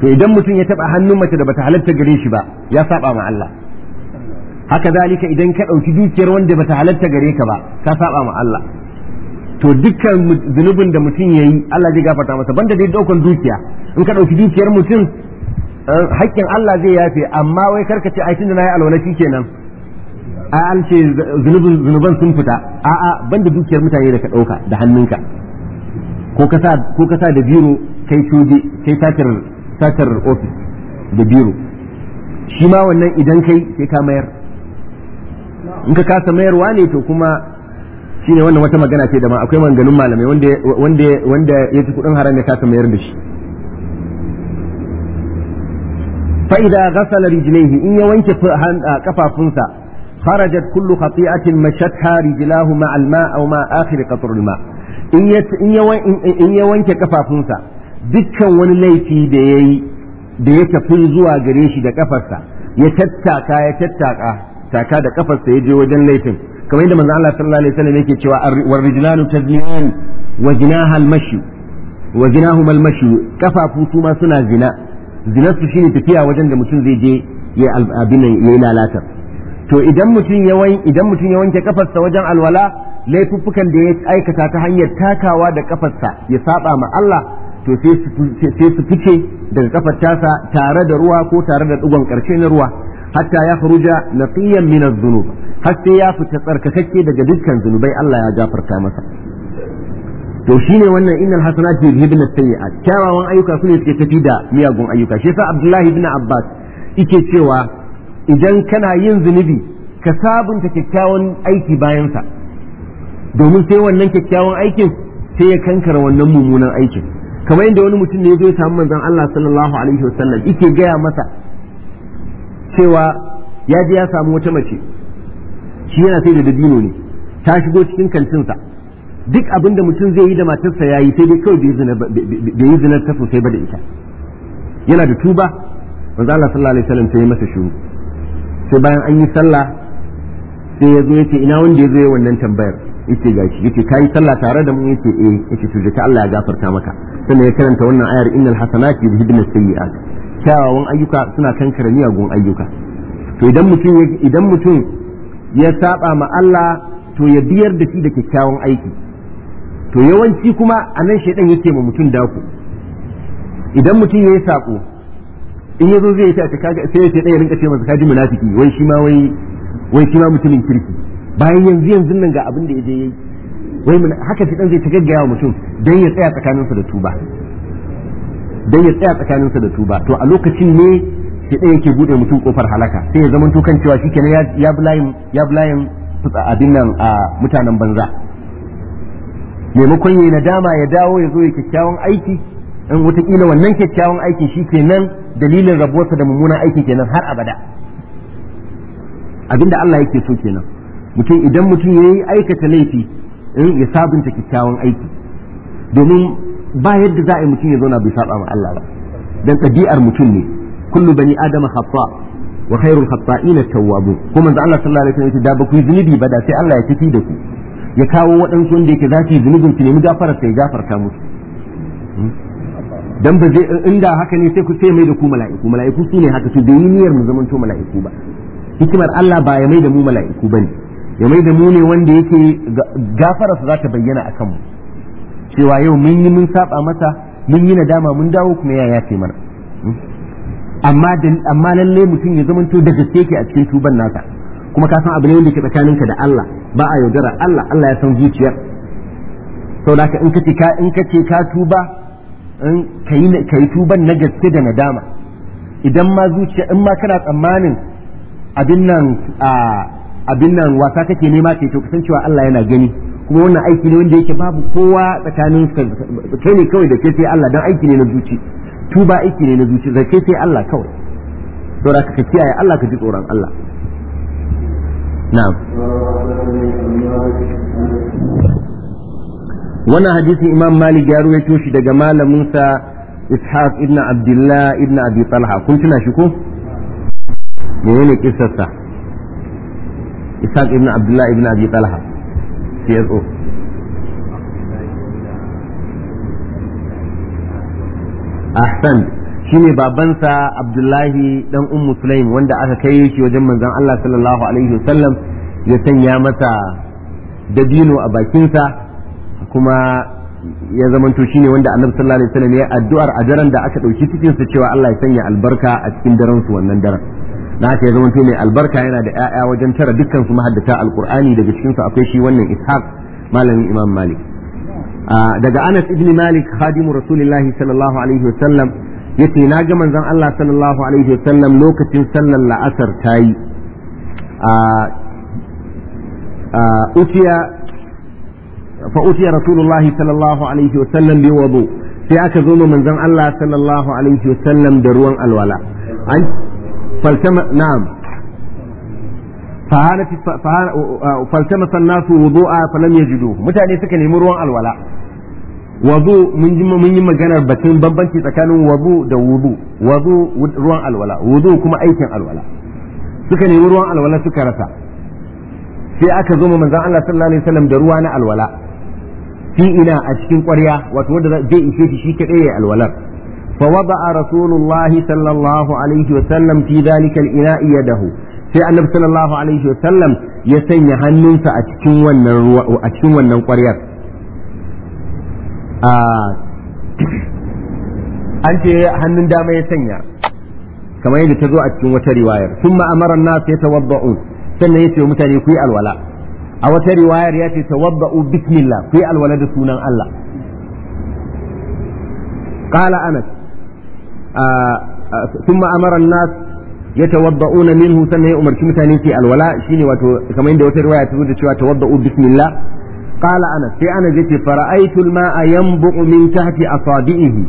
to idan mutum ya taba hannun mace da bata halatta gare shi ba ya saba ma Allah haka zalika idan ka dauki dukiyar wanda bata halatta gare ka ba ka saba ma Allah to dukkan zunubin da mutum yayi Allah zai gafarta masa banda dai daukan dukiya in ka dauki dukiyar mutum eh, haƙƙin Allah zai yafe amma wai karka ce ai tunda nayi alwala kenan a an ce zunuban sun fita a'a da dukiyar mutane da ka ɗauka da hannunka ko ka sa da biro kai coge kai satar ofis da biro shi ma wannan idan kai sai ka mayar in ka kasa mayarwa ne to kuma shi ne wannan wata magana ce da ma akwai manganin malamai wanda ya ci kudin haram ya kasa mayar da shi fa'ida salari rijilaihi in ya wanke kafafunsa خرجت كل خطيئة مشتها رجلاه مع الماء أو مع آخر قطر الماء in ya wanke kafafunsa dukkan wani laifi da ya da ya tafi zuwa gare shi da kafarsa ya tattaka ya tattaka da kafarsa ya je wajen laifin kamar yadda manzo Allah sallallahu alaihi yake cewa war rijlanu tazniyan wa jinaha al-mashi wa ma suna zina su shine tafiya wajen da mutum zai je ya abin ya to idan mutum ya idan mutum ya wanke kafarsa wajen alwala laifuffukan da ya aikata ta hanyar takawa da kafarsa ya saba ma Allah to sai su fice daga kafar tasa tare da ruwa ko tare da digon karshe na ruwa hatta ya furuja naqiyan min az dhunub har ya fita tsarkakakke daga dukkan zunubai Allah ya gafarta masa to shine wannan innal hasanati yudhibna as-sayyi'at kyawawan ayyuka su ne suke tafi da miyagun ayyuka shi sa Abdullahi ibn Abbas yake cewa idan kana yin zunubi ka sabunta kyakkyawan aiki bayansa domin sai wannan kyakkyawan aikin sai ya kankara wannan mummunan aikin kamar yadda wani mutum ne zai samu manzon Allah sallallahu alaihi wasallam yake gaya masa cewa ya je ya samu wata mace shi yana sai da dabino ne ta shigo cikin kantinsa duk abin da mutum zai yi da matarsa ya yi sai dai kawai bai yi zinar ta sosai ba da ita yana da tuba manzon Allah sallallahu alaihi wasallam sai masa shiru sai bayan an yi sallah sai ya zo ya ce ina wanda ya zo ya wannan tambayar shi gashi yace kai sallah tare da mu ce eh yace to ta Allah ya gafarta maka sannan ya karanta wannan ayar innal hasanati yudhibna sayyi'at kyawawan ayyuka suna kankare miyagun ayyuka to idan mutum idan mutum ya saba ma Allah to ya biyar da shi da kyakkyawan aiki to yawanci kuma anan shedan yake ma mutum dako idan mutum ya yi sako in yazo zai ta kaga sai ce ya rinka ce masa kaji munafiki wai shi ma wai wai shi ma mutumin kirki bayan yanzu yanzu nan ga abin da yaje yayi wai mun haka shi dan zai ta gaggawa mutum dan ya tsaya tsakaninsa da tuba dan ya tsaya sa da tuba to a lokacin ne shi ɗaya yake bude mutum kofar halaka sai ya zamanto kan cewa shi kenan ya bi ya bi layin abin nan a mutanen banza maimakon ya nadama ya dawo ya zo ya kyakkyawan aiki in wataƙila wannan kyakkyawan aiki shi ke nan dalilin rabuwarsa da mummunan aiki kenan har abada abinda Allah yake so kenan mutum idan mutum ya yi aikata laifi in ya sabunta kyakkyawan aiki domin ba yadda za a yi mutum ya zauna bai saba ma Allah ba dan ɗabi'ar mutum ne kullu bani adama khata wa khairul khata'ina tawwabun kuma da Allah sallallahu alaihi wasallam da ba ku zunubi ba da sai Allah ya tafi da ku ya kawo waɗansu wanda yake za su yi zunubin ki nemi gafarar sai gafarta musu hmm? dan ba zai inda haka ne sai ku sai mai da ku mala'iku mala'iku su ne haka su bai yi niyyar mu to mala'iku ba hikimar Allah ba ya mai da mu mala'iku bane ya mai da mu ne wanda yake gafararsa za ta bayyana a kanmu cewa yau mun yi mun saba masa mun yi nadama mun dawo kuma ya yafe mana hmm? amma amma lalle mutum ya zamanto da gaske yake a cikin tuban nasa kuma ka san abu ne wanda ke tsakaninka da Allah ba a yaudara Allah Allah ya san zuciyar saboda in kace ka in kace ka tuba ka yi tuban na gaske da nadama idan ma zuciya in ma kana tsammanin abin nan abin nan wasa kake nema ce to kasancewa Allah yana gani kuma wannan aiki ne wanda yake babu kowa tsakanin kai ne kawai da ke sai Allah dan aiki ne na zuci tuba aiki ne na zuci da ke sai Allah kawai saboda ka kiyaye Allah ka ji tsoron Allah na'am wannan hadisin imam malik ya ruwaito shi daga malamin sa ishaq ibn abdullah ibn abi talha kun tuna shi ko menene kissar sa ishaq ibn abdullah ibn abi talha CSO ahsan shine babansa abdullahi dan ummu sulaim wanda aka kai shi wajen manzon Allah sallallahu alaihi wasallam ya sanya masa dabino a bakinsa kuma ya zamanto ne wanda annabi sallallahu alaihi wasallam ya addu'ar a daren da aka dauki cikin su cewa Allah ya sanya albarka a cikin daren su wannan daren na ya zamanto ne albarka yana da ƴaƴa wajen tara dukkan su mahaddata alqur'ani daga cikin su akwai shi wannan ishaq malamin imam malik daga anas ibn malik khadimu Rasulillah sallallahu alaihi wasallam yace na ga manzon Allah sallallahu alaihi wasallam lokacin sallar la'asar tayi a فأتي رسول sallallahu alaihi wa sallam وسلم بوضوء sai aka zo manzon Allah sallallahu alaihi wa sallam da ruwan alwala an falsama na'am fahanat falsama sannasu wudu'a falam yajidu mutane suka nemi ruwan alwala wudu mun ji mun yi maganar batun bambanci tsakanin wudu da wudu wudu ruwan alwala wudu kuma aikin alwala suka nemi ruwan alwala suka rasa sai aka zo manzon Allah sallallahu alaihi wa sallam da ruwa na alwala fi ina a cikin ƙwarya wato wanda zai ishe shi shi kaɗai ya alwalar fa wada'a rasulullahi sallallahu alaihi wa sallam fi dhalika al-ina'i yadahu sai annabi sallallahu alaihi wa sallam ya sanya hannunsa a cikin wannan a ƙwaryar ah, an ce hannun dama ya sanya kamar yadda ta zo a cikin wata riwayar thumma amara an-nas yatawadda'un sannan yace mutane ku yi alwala a wata riwayar ya ce tawabba'u bismillah ku yi alwala da sunan Allah qala anas thumma amara an-nas yatawadda'una minhu sannan ya umarci mutane su alwala shine wato kamar inda wata riwaya ta zo da cewa tawabba'u bismillah qala anas sai anas yace fara'aytu al-ma'a yanbu'u min tahti asabi'ihi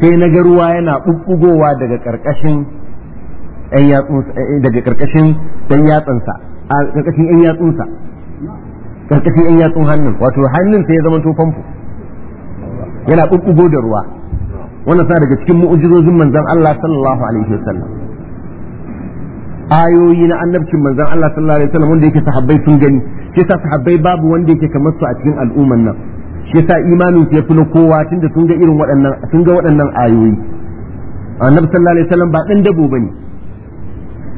sai naga ruwa yana bubbugowa daga karkashin ɗan yatsunsa eh, daga karkashin ɗan yatsunsa a karkashin ɗan yatsunsa karkashin yan yatsun hannun wato hannun sai ya zama to famfo yana bubbugo da ruwa wannan sa daga cikin mu'ujizozin manzon Allah sallallahu alaihi wasallam ayoyi na annabcin manzon Allah sallallahu alaihi wasallam wanda yake sahabbai sun gani shi yasa sahabbai babu wanda yake kamar su a cikin al'umman nan shi yasa imanin su ya fi na kowa tunda sun ga irin waɗannan sun ga waɗannan ayoyi annabi sallallahu alaihi wasallam ba ɗan dabo bane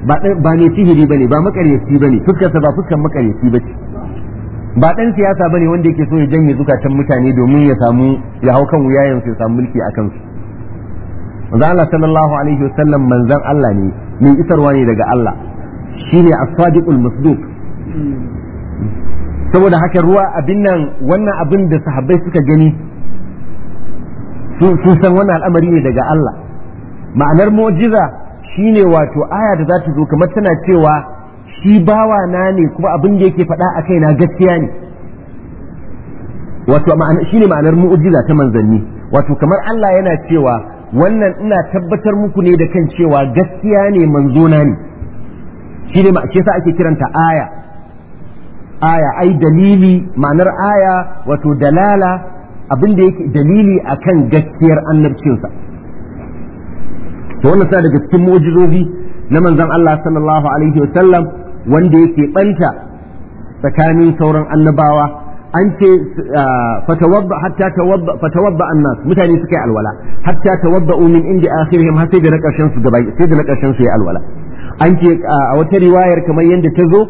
ba ba ne sihiri bane ba makaryaci bane fuskarsa ba fuskar makaryaci bace ba dan siyasa bane wanda yake so ya janye zukatan mutane domin ya samu ya hau kan wuyayen ya samu mulki a kansu manzo Allah sallallahu alaihi wasallam manzan Allah ne mai isarwa ne daga Allah shine as-sadiqul masduq saboda haka ruwa abin nan wannan abin da sahabbai suka gani sun san wannan al'amari ne daga Allah ma'anar mu'jiza shine wato aya da za ta zo kamar tana cewa shi bawa na ne kuma abin da yake faɗa a kaina gaskiya ne wato shi ne ma'anar mu'ujiza ta manzanni wato kamar Allah yana cewa wannan ina tabbatar muku ne da kan cewa gaskiya ne manzona ne shi ne shi sa ake kiranta aya aya ai dalili ma'anar aya wato dalala abin da yake dalili akan gaskiyar annabcinsa to wannan sa daga cikin mu'ujizozi na manzon Allah sallallahu alaihi wa sallam wanda yake banta tsakanin sauran annabawa an ce ah, fatawadda hatta tawadda fatawadda annas mutane suka yi alwala hatta tawadda'u min inda akhirihim har sai da na karshen su gaba sai da na karshen su yi alwala an ce ah, a wata riwayar kamar yadda ta zo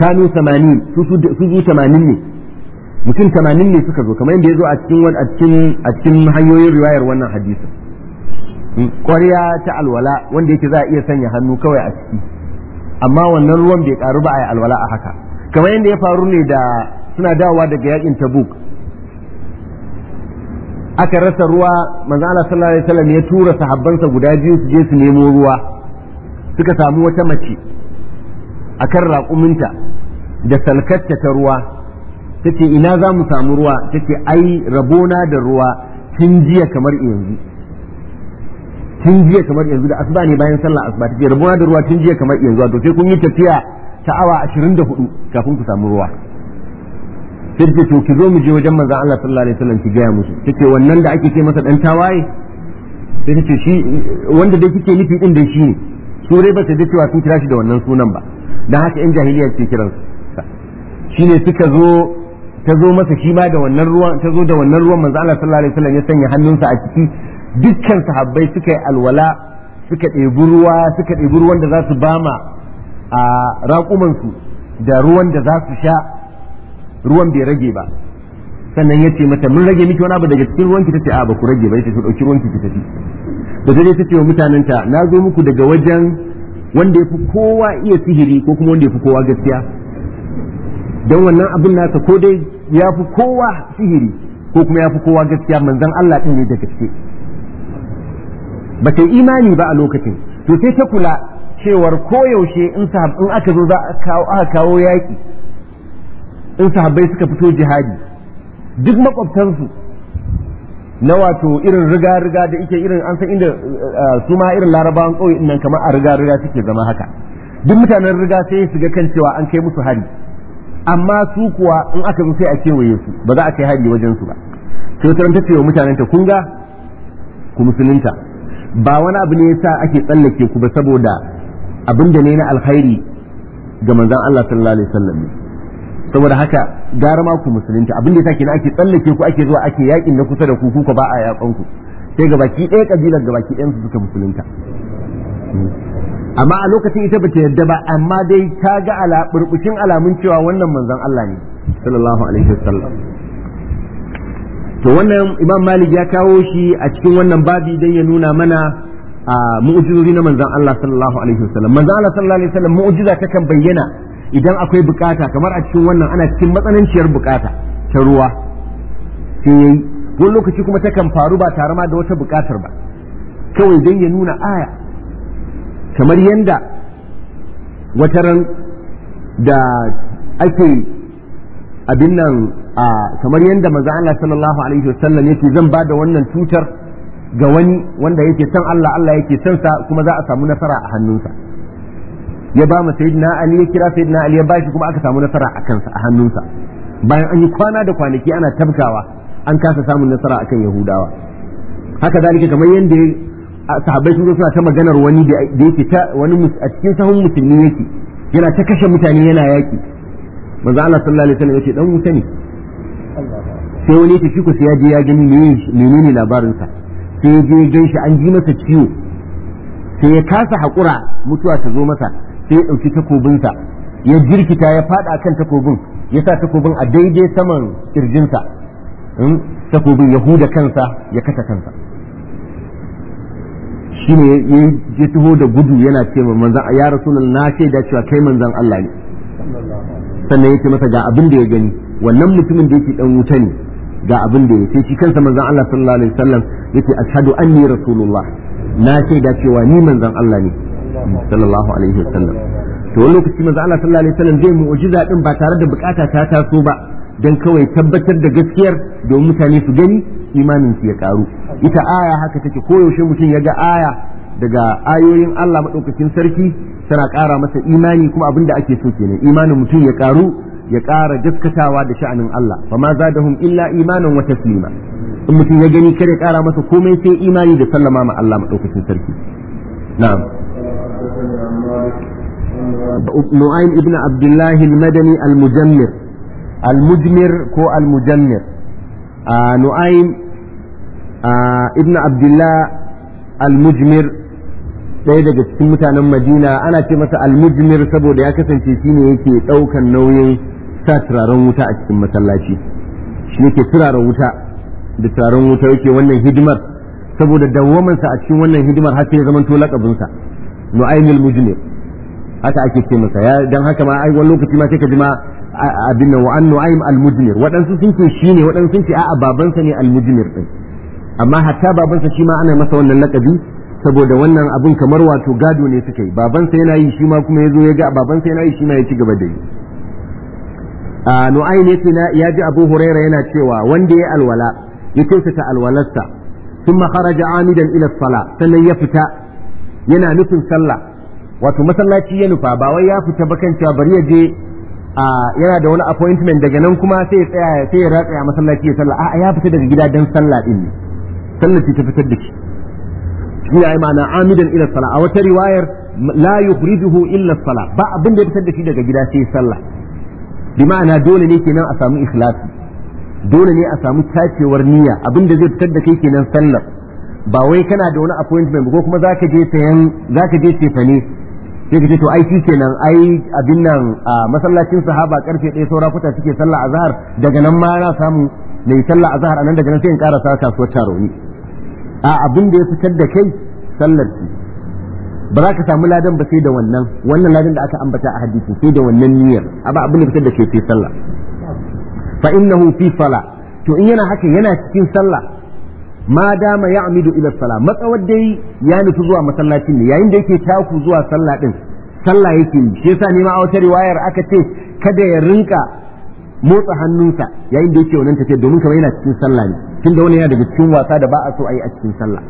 kanu 80 su su 80 ne mutum 80 ne suka zo kamar yadda ya zo a cikin a cikin hanyoyin riwayar wannan hadisin hmm, ƙwarya ta alwala wanda yake za a iya sanya hannu kawai a ciki amma wannan ruwan bai karu ba a yi alwala a haka kamar yadda ya faru ne da suna dawowa daga yakin tabuk aka rasa ruwa manzo Allah sallallahu alaihi ya tura sahabbansa guda biyu su je su nemo ruwa suka samu wata mace a kan raƙuminta da salkatta ta ruwa ta ce ina za mu samu ruwa ta ce ai rabona da ruwa tun jiya kamar yanzu tun jiya kamar yanzu da asuba ne bayan sallah asuba take rabona da ruwa tun jiya kamar yanzu to sai kun yi tafiya ta awa 24 kafin ku samu ruwa sai ce to ki zo mu je wajen manzon Allah sallallahu alaihi wasallam ki gaya musu take wannan da ake ce masa dan tawaye sai ce shi wanda dai kike nufi din da shi ne su dai ba ta da cewa sun kira shi da wannan sunan ba dan haka yan jahiliya ke kiran shi ne suka zo ta zo masa shi ma da wannan ruwan ta zo da wannan ruwan manzon Allah sallallahu alaihi wasallam ya sanya hannunsa a ciki dukkan sahabbai suka yi alwala suka ɗebi ruwa suka ɗebi ruwan da za su bama a raƙumansu da ruwan da za su sha ruwan bai rage ba sannan ya ce mata mun rage miki wani abu daga cikin ruwanki ce a ba ku rage ba yace ce ɗauki ruwanki ki tafi da dare ta ce wa mutanenta na zo muku daga wajen wanda ya fi kowa iya sihiri ko kuma wanda ya fi kowa gaskiya don wannan abin nasa ko dai ya fi kowa sihiri ko kuma ya fi kowa gaskiya manzan Allah ɗin ne da gaske ba ta imani ba a lokacin to sai ta kula cewar koyaushe in in aka zo za a kawo yaƙi in sahabbai suka fito jihadi duk makwabtansu na wato irin riga-riga da ike irin an san inda su ma irin larabawan ƙauye nan kamar a riga-riga suke zama haka duk mutanen riga sai su ga kan cewa an kai musu hari amma su kuwa in aka zo sai a kewaye su ba za a kai hari wajen su ba sai wata ta ce wa mutanen ta kunga ku musulunta ba wani abu ne yasa ake tsallake ku ba saboda abin da ne na alkhairi ga manzon Allah sallallahu alaihi wasallam saboda haka gara ma ku musulunta abin da yasa kenan ake tsallake ku ake zuwa ake yakin na kusa da ku kuka ba a yakan ku sai gabaki ɗaya kabilar gabaki ɗayan su suka musulunta amma a lokacin ita bata yadda ba amma dai ta ga ala burbukin alamun cewa wannan manzon Allah ne sallallahu alaihi wasallam to wannan imam malik ya kawo shi a cikin wannan babi dan ya nuna mana a mu'jizozi na manzon Allah sallallahu alaihi wasallam manzon Allah sallallahu alaihi wasallam mu'jiza ta kan bayyana idan akwai bukata kamar a cikin wannan ana cikin matsananciyar bukata ta ruwa sai wani lokaci kuma ta kan faru ba tare ma da wata bukatar ba kawai dan ya nuna aya kamar yanda wataran da ake abin nan kamar yadda maza Allah sallallahu alaihi wasallam yake zan ba da wannan tutar ga wani wanda yake san Allah Allah yake san sa kuma za a samu nasara a hannunsa ya ba mu sayyidina Ali ya kira sayyidina Ali ya ba shi kuma aka samu nasara a kansa a hannunsa bayan an yi kwana da kwanaki ana tabkawa an kasa samun nasara akan Yahudawa haka zalika kamar yadda sahabbai sun zo suna ta maganar wani da yake ta wani a cikin sahun musulmi yake yana ta kashe mutane yana yaki manzo Allah sallallahu alaihi wasallam yace dan ɗan ne sai wani ta shi ya je ya gani menene labarinsa sai ya je gan shi an ji masa ciwo sai ya kasa haƙura mutuwa ta zo masa sai ya ɗauki takobinsa ya jirkita ya faɗa kan takobin ya sa takobin a daidai saman kirjinsa hmm, takobin ya huda kansa ya kasa kansa shi ne ya je taho da gudu yana ce ma manzan ya rasulun na shaida cewa kai manzan Allah ne sannan ya ce masa ga abin da ya gani wannan mutumin da yake dan wuta ne ga abin da ya ce shi kansa manzon Allah sallallahu alaihi wasallam yake ashhadu anni rasulullah na shaida cewa ni manzon Allah ne sallallahu alaihi wasallam to wani lokaci manzon Allah sallallahu alaihi wasallam zai mu'jiza din ba tare da bukata ta taso ba dan kawai tabbatar da gaskiyar domin mutane su gani imanin su ya karu ita aya haka take koyaushe mutum ya ga aya daga ayoyin Allah madaukakin sarki tana kara masa imani kuma abin da ake so kenan imanin mutum ya karu ya ƙara gaskatawa da sha'anin Allah fa ma zadahum illa imanan wa taslima in mutum ya gani kada ya ƙara masa komai sai imani da sallama ma Allah madaukakin sarki na'am ibn Abdullah al-Madani al-Mujammir al-Mujmir ko al-Mujammir Nu'aym ibn Abdullah al-Mujmir ɗaya daga cikin mutanen madina ana ce masa almujmir saboda ya kasance shine yake ɗaukan nauyin sa turaren wuta a cikin masallaci shi ne ke turaren wuta da turaren wuta yake wannan hidimar saboda dawwamansa a cikin wannan hidimar har sai ya zamanto lakabinsa nu'aymul mujmir haka ake ce masa ya dan haka ma ai wani lokaci ma sai ka ji ma abin nan wa an nu'aym al mujmir waɗansu sun ce shi ne waɗansu sun ce a'a babansa ne al mujmir din amma hatta babansa shi ma ana masa wannan lakabi saboda wannan abin kamar wato gado ne suka yi babansa yana yi shi ma kuma ya zo ya ga babansa yana yi shi ma ya ci gaba da yi nu'ayn ce ya ji abu hurera yana cewa wanda ya alwala ya kyautata alwalarsa thumma kharaja amidan ila sala sannan ya fita yana nufin sallah wato masallaci ya nufa ba wai ya fita ba kan cewa bari ya je yana da wani appointment daga nan kuma sai ya tsaya sai ya ratsa masallaci ya sallah a'a ya fita daga gida dan sallah din ne sallah ce ta fitar da shi shi ya yi amidan ila sala a wata riwayar la yukhrijuhu illa sala ba abin da ya fitar da shi daga gida sai sallah bi ma'ana dole ne kenan a samu ikhlasi dole ne a samu tacewar niyya abinda zai fitar da kai kenan sallar ba wai kana da wani appointment ko kuma zaka je sayan zaka je cefane sai ka ce to ai kenan ai abin nan a masallacin sahaba karfe ɗaya saura kuta suke sallah azhar daga nan ma na samu mai sallah azhar anan daga nan sai in karasa kasuwar ni a abinda ya fitar da kai sallar ki ba za ka samu ladan ba sai da wannan wannan ladan da aka ambata a hadisi sai da wannan niyyar abu abin da fitar da ke sai sallah fa innahu fi sala to in yana haka yana cikin sallah ma dama ya amidu ila sala matsawar dai ya nufi zuwa masallacin ne yayin da yake taku zuwa sallah din sallah yake yi shi yasa nema a wata riwayar aka ce kada ya rinka motsa hannunsa yayin da yake wannan tafiya domin kamar yana cikin sallah ne tunda wani yana daga cikin wasa da ba a so a yi a cikin sallah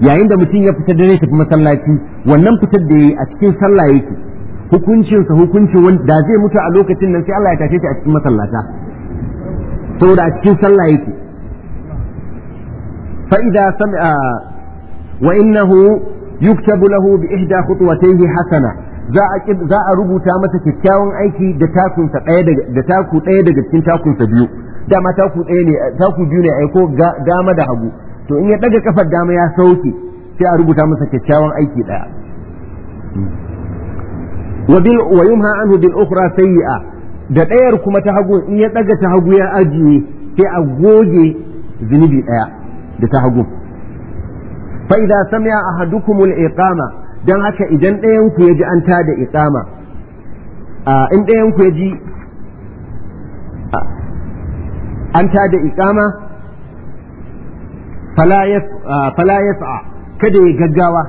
yayin da mutum ya fita zai tafi masallaci wannan fitar da yayi a cikin sallah yake Hukuncinsa hukuncin wanda da zai mutu a lokacin nan sai Allah ya tashe shi a cikin masallata saboda a cikin sallah yake fa idza sami'a wa innahu yuktabu lahu bi ihda khutwatayhi hasana za a za a rubuta masa kyakkyawan aiki da takun ɗaya daga da taku daya daga cikin sa biyu dama taku daya ne taku biyu ne aiko gama da hagu to in ya daga kafar dama ya sauke sai a rubuta masa kyakkyawan aiki daya wa bil wa yumha anhu bil ukhra sayyi'a da dayar kuma ta hagu in ya daga ta hagu ya ajiye sai a goge zunubi daya da ta hagu fa idza sami'a ahadukum al iqama dan haka idan dayan ku yaji an tada iqama in dayan ku yaji an tada iqama Ah, fala yas'a kada ya gaggawa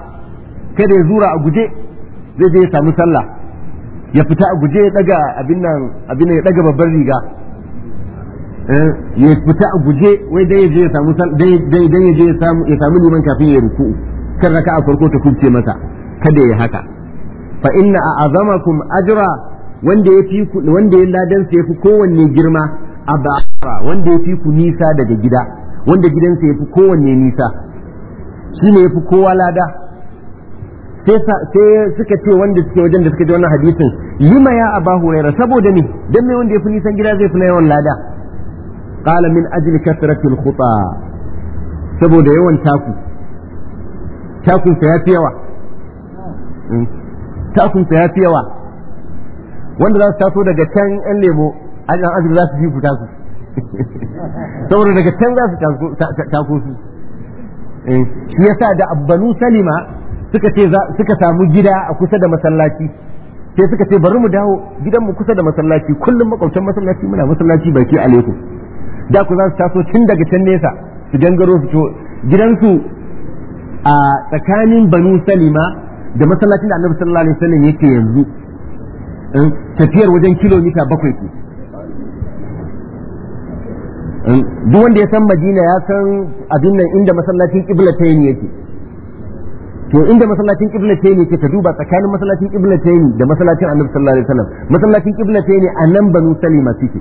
kada ya zura a guje zai je ya samu sallah ya fita a guje ya daga abin nan abin ya daga babbar riga eh, ya fita a guje wai dai ya je ya samu dai ya je ya samu ya samu liman kafin ya ruku'u kan a farko ta kubce masa kada ya haka fa inna kuma ajra wanda ya fi ku wanda ya ladan sa yafi kowanne girma a wanda ya fi ku nisa daga gida wanda gidansa ya fi kowanne nisa shi ne ya fi kowa lada sai suka ce wanda suke wajen da suka ji wannan hadisin lima ya aba huraira saboda ne don mai wanda ya fi nisan gida zai fi na yawan lada qala min ajli kasratil khuta saboda yawan taku takunsa ya fi yawa hmm. takunsa ya fi yawa wanda za su taso daga can yan lebo a azumi za su fi ku taku saboda daga can za su tako su eh, shi yasa da abbanu salima suka ce suka samu gida a kusa da masallaci sai suka ce bari mu dawo gidan mu kusa da masallaci kullum makwabtan masallaci muna masallaci baki alaikum da ku za su taso tun daga can nesa su gangaro su to gidansu a tsakanin banu salima da masallacin da annabi sallallahu alaihi wasallam yake yanzu eh, tafiyar wajen kilomita bakwai ke Hmm? duk wanda ya san madina ya san abin nan inda masallacin yi yake to inda masallacin qiblatain ke ka duba tsakanin masallacin qiblatain da masallacin annabi sallallahu alaihi wasallam masallacin yi a nan banu salima suke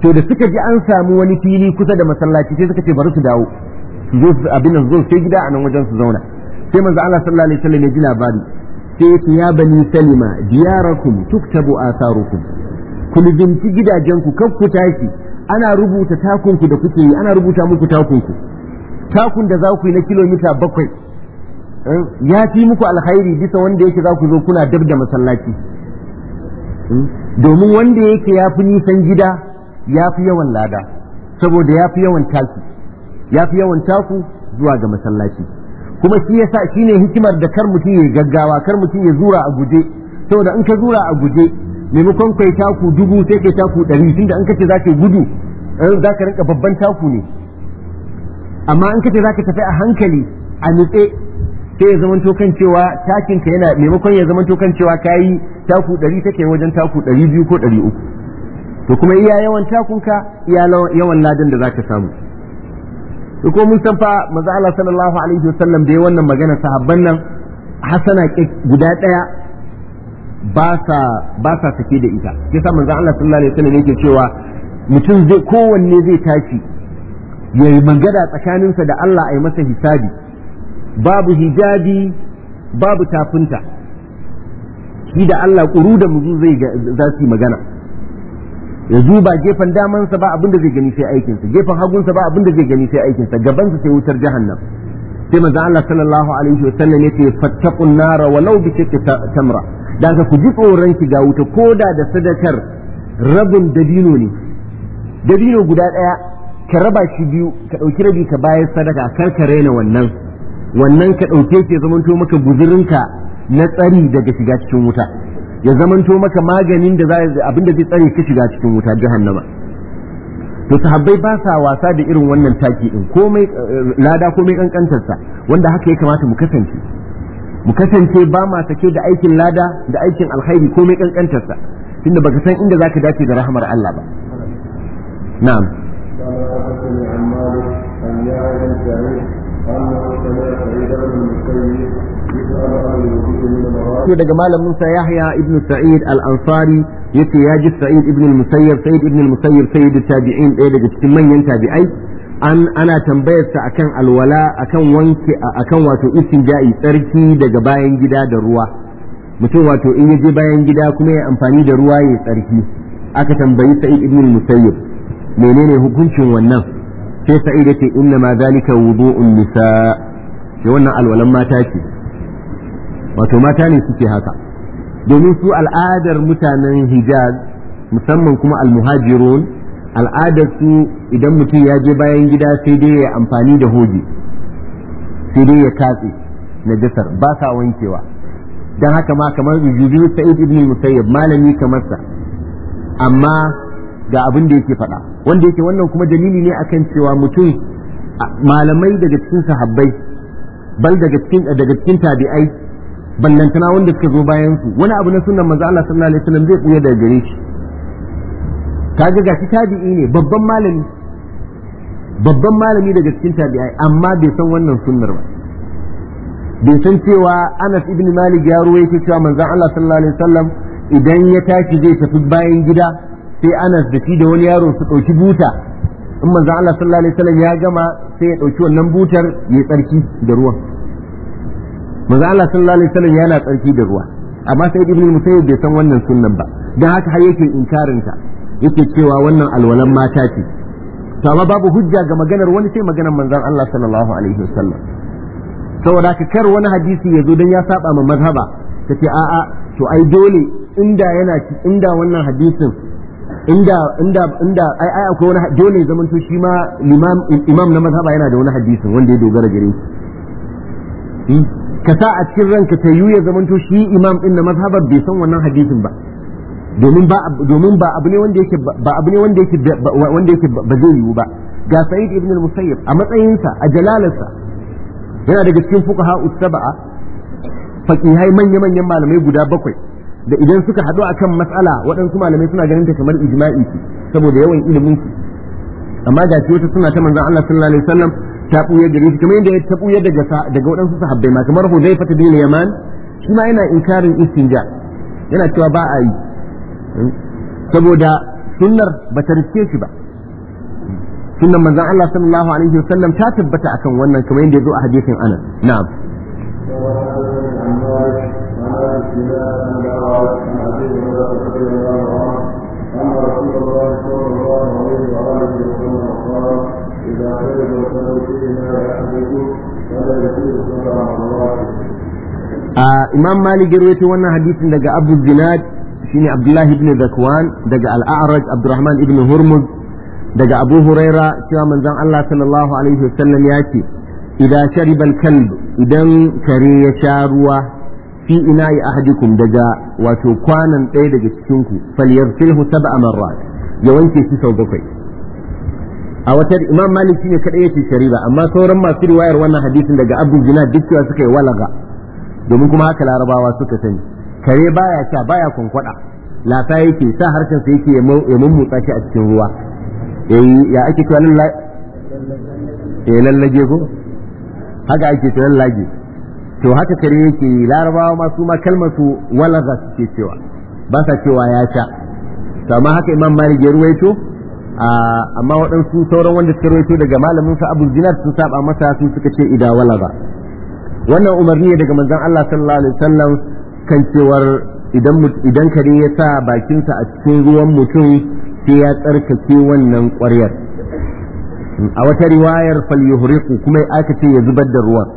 to da suka ji an samu wani fili kusa da masallaci sai suka ce bari su dawo su zo su abin nan zo su gida a nan wajen su zauna sai manzo Allah sallallahu alaihi wasallam ya ji labari sai ya ce ya bani salima diyarakum tuktabu atharukum ku lizinci gidajenku kan ku tashi ana rubuta takunku da kuke yi ana rubuta muku takunku takun da za ku yi na kilomita bakwai eh, ya fi muku alkhairi bisa wanda yake za ku zo kuna dab da masallaci hmm? domin wanda yake ya fi nisan gida ya fi yawan lada saboda ya fi yawan taki ya fi yawan taku zuwa ga masallaci kuma shi yasa shine hikimar da kar mutum ya gaggawa kar mutum ya zura a guje saboda in ka zura a guje maimakon kai taku dubu sai kai taku ɗari tunda an kace za ka gudu za ka rinka babban taku ne amma an kace za ka tafi a hankali a nutse sai ya zamanto kan cewa takin ka yana maimakon ya zamanto kan cewa yi taku ɗari take wajen taku ɗari biyu ko ɗari uku to kuma iya yawan takunka iya yawan ladan da za ka samu ko mun san fa manzo Allah sallallahu alaihi wasallam da wannan magana sahabban nan hasana guda ɗaya. ba sa ba sa da ita yasa manzon Allah sallallahu alaihi wasallam yake cewa mutum zai kowanne zai tashi ya yi mangada tsakaninsa da Allah a yi masa hisabi babu hijabi babu tafinta shi da Allah ƙuru da muzu zai za su yi magana ya zuba gefen damansa ba abinda zai gani sai aikinsa gefen hagunsa ba abinda zai gani sai aikinsa gabansa sai wutar jahannam sai manzo Allah sallallahu alaihi wasallam ce fattaqun nara walau bi tamra da ka ku ji tsoron shiga wuta ko da da sadakar rabin dabino ne dabino guda ɗaya ka raba shi biyu ka ɗauki rabi ka bayar sadaka kar ka raina wannan wannan ka ɗauke shi ya zamanto maka guzurinka na tsari daga shiga cikin wuta ya zamanto maka maganin da abin da zai tsare ka shiga cikin wuta jahannama to sahabbai ba sa wasa da irin wannan taki din komai eh, lada komai kankantarsa wanda haka ya kamata mu kasance mu kasance ba ma sake da aikin lada da aikin alkhairi mai kankantarsa tunda baka san inda zaka dace da rahmar Allah ba na'am ke daga malamin sa Yahya ibn Sa'id al-Ansari yace ya ji Sa'id ibn al-Musayyib Sa'id ibn al-Musayyib sayyid tabi'in ɗaya daga cikin manyan tabi'ai an ana tambayarsa akan alwala akan wanke akan wato ja'i tsarki daga bayan gida da ruwa mutum wato in yaje bayan gida kuma ya amfani da ruwa ya tsarki aka tambayi sa'id ibn musayyib menene hukuncin wannan sai sa'id yace inna ma zalika wudu'un nisa shi wannan alwalan mata ce wato mata ne suke haka domin su al'adar mutanen hijaz musamman kuma al al'adarsu idan mutum ya je bayan gida sai dai ya amfani da hoji sai dai ya katse na najasar ba sa wankewa don haka ma kamar jujubi sa'id ibn musayyab malami kamar sa amma ga abin da yake faɗa wanda yake wannan kuma dalili ne akan cewa mutum malamai daga cikin sahabbai bal daga cikin daga cikin tabi'ai ballantana wanda suka zo bayan su wani abu na sunnan manzo Allah sallallahu alaihi wasallam zai buya daga gare shi kaga gashi tabi'i ne babban malami babban malami daga cikin tabi'ai amma bai san wannan sunnar ba bai san cewa Anas ibn Malik ya ruwaito cewa manzon Allah sallallahu alaihi wasallam idan ya tashi zai tafi bayan gida sai Anas da shi da wani yaro su dauki buta in manzon Allah sallallahu alaihi wasallam ya gama sai ya dauki wannan butar ya tsarki da ruwan manzon Allah sallallahu alaihi wasallam yana tsarki da ruwa amma sai ibn Musayyib bai san wannan sunnan ba dan haka har yake inkarin ta yake cewa wannan alwalan mata ce to amma babu hujja ga maganar wani sai maganar manzon Allah sallallahu alaihi wasallam saboda ka kar wani hadisi ya zo dan ya saba ma mazhaba kace a'a to ai dole inda yana ci inda wannan hadisin inda inda inda ai ai akwai wani dole zaman to shi ma imam imam na mazhaba yana da wani hadisin wanda ya dogara gare shi hmm? ka sa a cikin ranka ta yiwu ya zaman to shi imam din na mazhabar bai san wannan hadisin ba domin ba domin ba abu ne wanda yake ba abu ne wanda yake wanda yake ba zai yiwu ba ga Sa'id ibn al-Musayyib a matsayinsa a jalalarsa yana daga cikin fuqaha us-sab'a faqihai manya-manyan malamai guda bakwai da idan suka haɗu akan matsala waɗansu malamai suna ganin ta kamar ijma'i ce saboda yawan ilimin su amma ga wata suna ta manzon Allah sallallahu alaihi wasallam ta buye gare shi kamar yadda ta buye daga daga waɗansu sahabbai ma kamar Hudayfa bin Yaman shi ma yana inkarin istinja yana cewa ba a yi saboda sunnar ba ta riske shi ba sunnan manzan Allah sallallahu alaihi wasallam ta tabbata akan wannan kamar yadda ya zo a hadisin Anas na'am ah, Imam Malik ya wannan hadisin daga Abu Zinad shine Abdullahi ibn Zakwan daga Al-A'raj Abdurrahman ibn Hurmuz daga Abu Huraira cewa manzon Allah sallallahu alaihi wasallam ya ce idan shariba kalb idan kare ya sha ruwa fi ina'i ahadikum daga wato kwanan ɗaya daga cikin ku falyarsilhu sab'a marrat ya wanke shi sau bakwai a wata Imam Malik shine kadai yace shariba amma sauran masu riwayar wannan hadisin daga Abu Zinad duk cewa suka yi walaga domin kuma haka larabawa suka sani kare baya sha baya kwankwada lafa yake sa harkar sa yake ya mummutsa shi a cikin ruwa eh ya ake cewa lalla eh lallage ko haka ake cewa lage. to haka kare yake larabawa ma su ma kalmar su walaga suke cewa ba sa cewa ya sha to amma haka imam malik ya ruwaito amma waɗansu sauran wanda suka ruwaito daga malamin sa abu zinar sun saba masa su suka ce ida walaga wannan umarni daga manzon Allah sallallahu alaihi wasallam kan cewar idan kare ya sa bakinsa a cikin ruwan mutum sai ya tsarkake wannan ƙwaryar a wata riwayar falyuhriqu kuma aka ce ya zubar da ruwan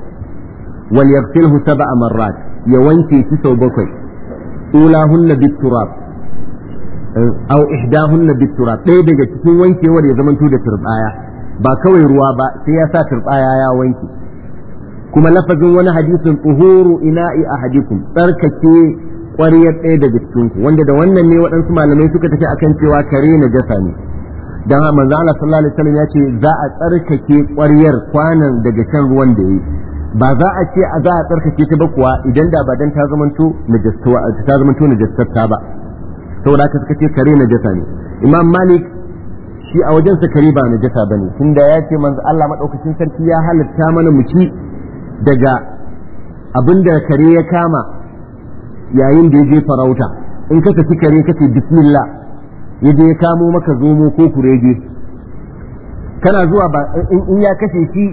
wal yaghsilhu sab'a marrat ya wanke shi sau bakwai ulahunna biturab eh, aw ihdahunna biturab ɗaya daga cikin wankewar ya zamanto da turbaya ba kawai ruwa ba sai ya sa turbaya ya wanke kuma lafazin wani hadisin tuhuru ina'i ahadikum tsarkake ƙwariyar ɗaya daga cikinku wanda da wannan ne waɗansu malamai suka tafi akan cewa kare na jasa ne dan manzo Allah sallallahu alaihi wasallam ya ce za a tsarkake ƙwariyar kwanan daga shan ruwan da yi ba za a ce a za a tsarkake ta ba kuwa idan da ba dan ta zamanto najastuwa ta zamanto najassata ba saboda haka suka ce kare na jasa ne imam malik shi a wajen sa kare ba najasa bane tunda ya ce manzo Allah madaukakin sarki ya halitta mana mu ci daga abin da kare ya kama yayin da ya je farauta in ka saki kare ka ce bismillah ya je ya kamo maka zomo ko kurege kana zuwa ba in ya kashe shi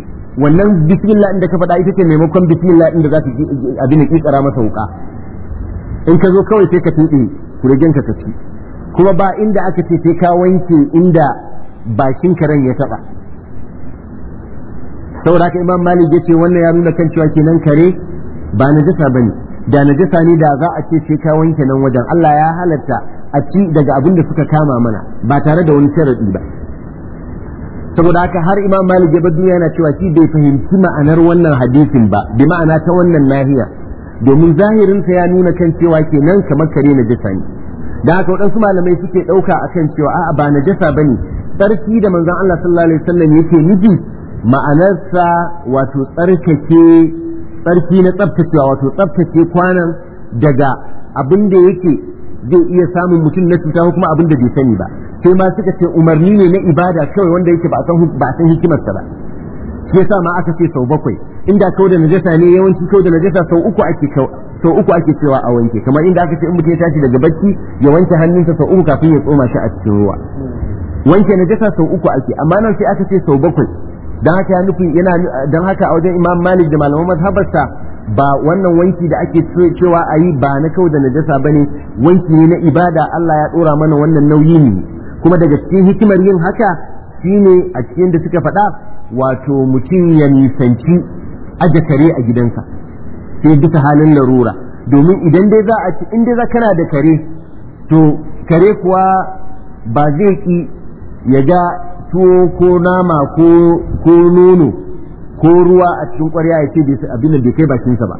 wannan bismillah inda ka faɗa ita ce maimakon bismillah inda za ka abin da tsara masa wuka in ka zo kawai sai ka tuɗe kuregen ka tafi kuma ba inda aka ce sai ka wanke inda bakin karen ya taɓa saboda haka imam malik yace wannan ya nuna kan cewa kenan kare ba najasa ne da najasa ne da za a ce sai ka wanke nan wajen Allah ya halatta a ci daga abin da suka kama mana ba tare da wani sharadi ba saboda haka har imam malik ya bar yana cewa shi bai fahimci ma'anar wannan hadisin ba bi ma'ana ta wannan nahiya domin zahirinsa ya nuna kan cewa kenan kamar kare najasa ne da haka waɗansu malamai suke ɗauka akan cewa a'a ba najasa bane sarki da manzon Allah sallallahu alaihi wasallam yake miji ma'anarsa wato tsarkake tsarki na tsabtacewa wato tsabtace kwanan daga abin da yake zai iya samun mutum na cuta ko kuma abin da bai sani ba sai ma suka ce umarni ne na ibada kawai wanda yake ba san ba san hikimarsa ba shi yasa ma aka ce sau bakwai inda kau da najasa ne yawanci kau da najasa sau uku ake sau uku ake cewa a wanke kamar inda aka ce in mutum ya tashi daga bacci ya wanke hannunsa sau uku kafin ya tsoma shi a cikin ruwa wanke najasa sau uku ake amma nan sai aka ce sau bakwai dan haka ya nufi yana don haka a wajen imam malik da malaman mazhabarsa ba wannan wanki da ake cewa a yi ba na kau da najasa ba ne wanki ne na ibada Allah ya ɗora mana wannan nauyi ne kuma daga cikin hikimar yin haka shine a cikin da suka faɗa wato mutum ya nisanci aje kare a gidansa sai bisa halin larura domin idan dai za a ci in dai za kana da kare to kare kuwa ba zai ki ya ga tuwo ko nama ko nono ko ruwa a cikin ƙwarya ya ce abin da bai kai bakinsa ba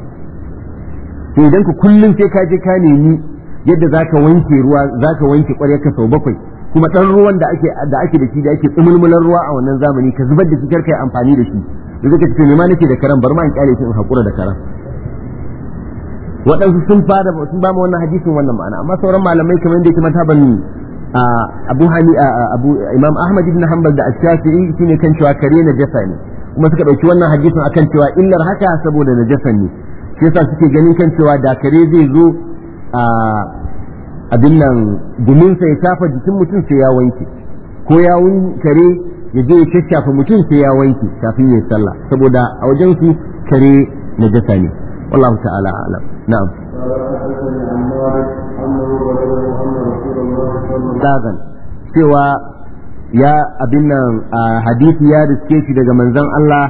to idan ka kullum sai ka je ka nemi yadda zaka wanke ruwa zaka wanke ka sau bakwai kuma ɗan ruwan da ake da ake da shi da ake tsumulmular ruwa a wannan zamani ka zubar da shi kar kai amfani da shi da zaka ce me ma nake da karam bar ma in kyale shi in hakura da karam waɗansu sun fara ba mu wannan hadisin wannan ma'ana amma sauran malamai kamar yadda yake mataban abu hani abu imam ahmad ibn hanbal da ash-shafi'i shine kan cewa kare na jasa ne kuma suka dauki wannan hadisin akan cewa illar haka saboda jasa ne shi yasa suke ganin kan cewa da kare zai zo a abin nan gumin sa ya tafa jikin mutum sai ya wanke ko yawun kare ya je ya shashafa mutum sai ya wanke kafin ya sallah saboda a wajen su kare najasa ne wallahu ta'ala a'lam na'am Zazan cewa ya abin nan a hadisi ya riske shi daga manzon Allah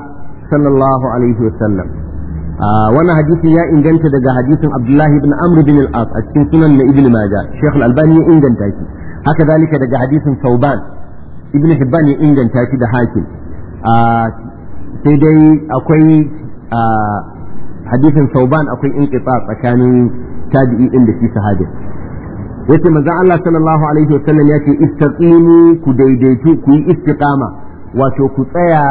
sallallahu alaihi wasallam wani hadisi ya inganta daga hadisin Abdullahi ibn Amr bin al-As a cikin sunan na Ibn Majah Sheikh al-Albani ya inganta shi haka zalika daga hadisin Sauban Ibn Hibban ya inganta shi da Hakim sai dai akwai hadisin Sauban akwai inqita tsakanin tabi'in da shi sahabi yace manzon Allah sallallahu alaihi wasallam yace istaqimu ku daidaitu ku yi istiqama wato ku tsaya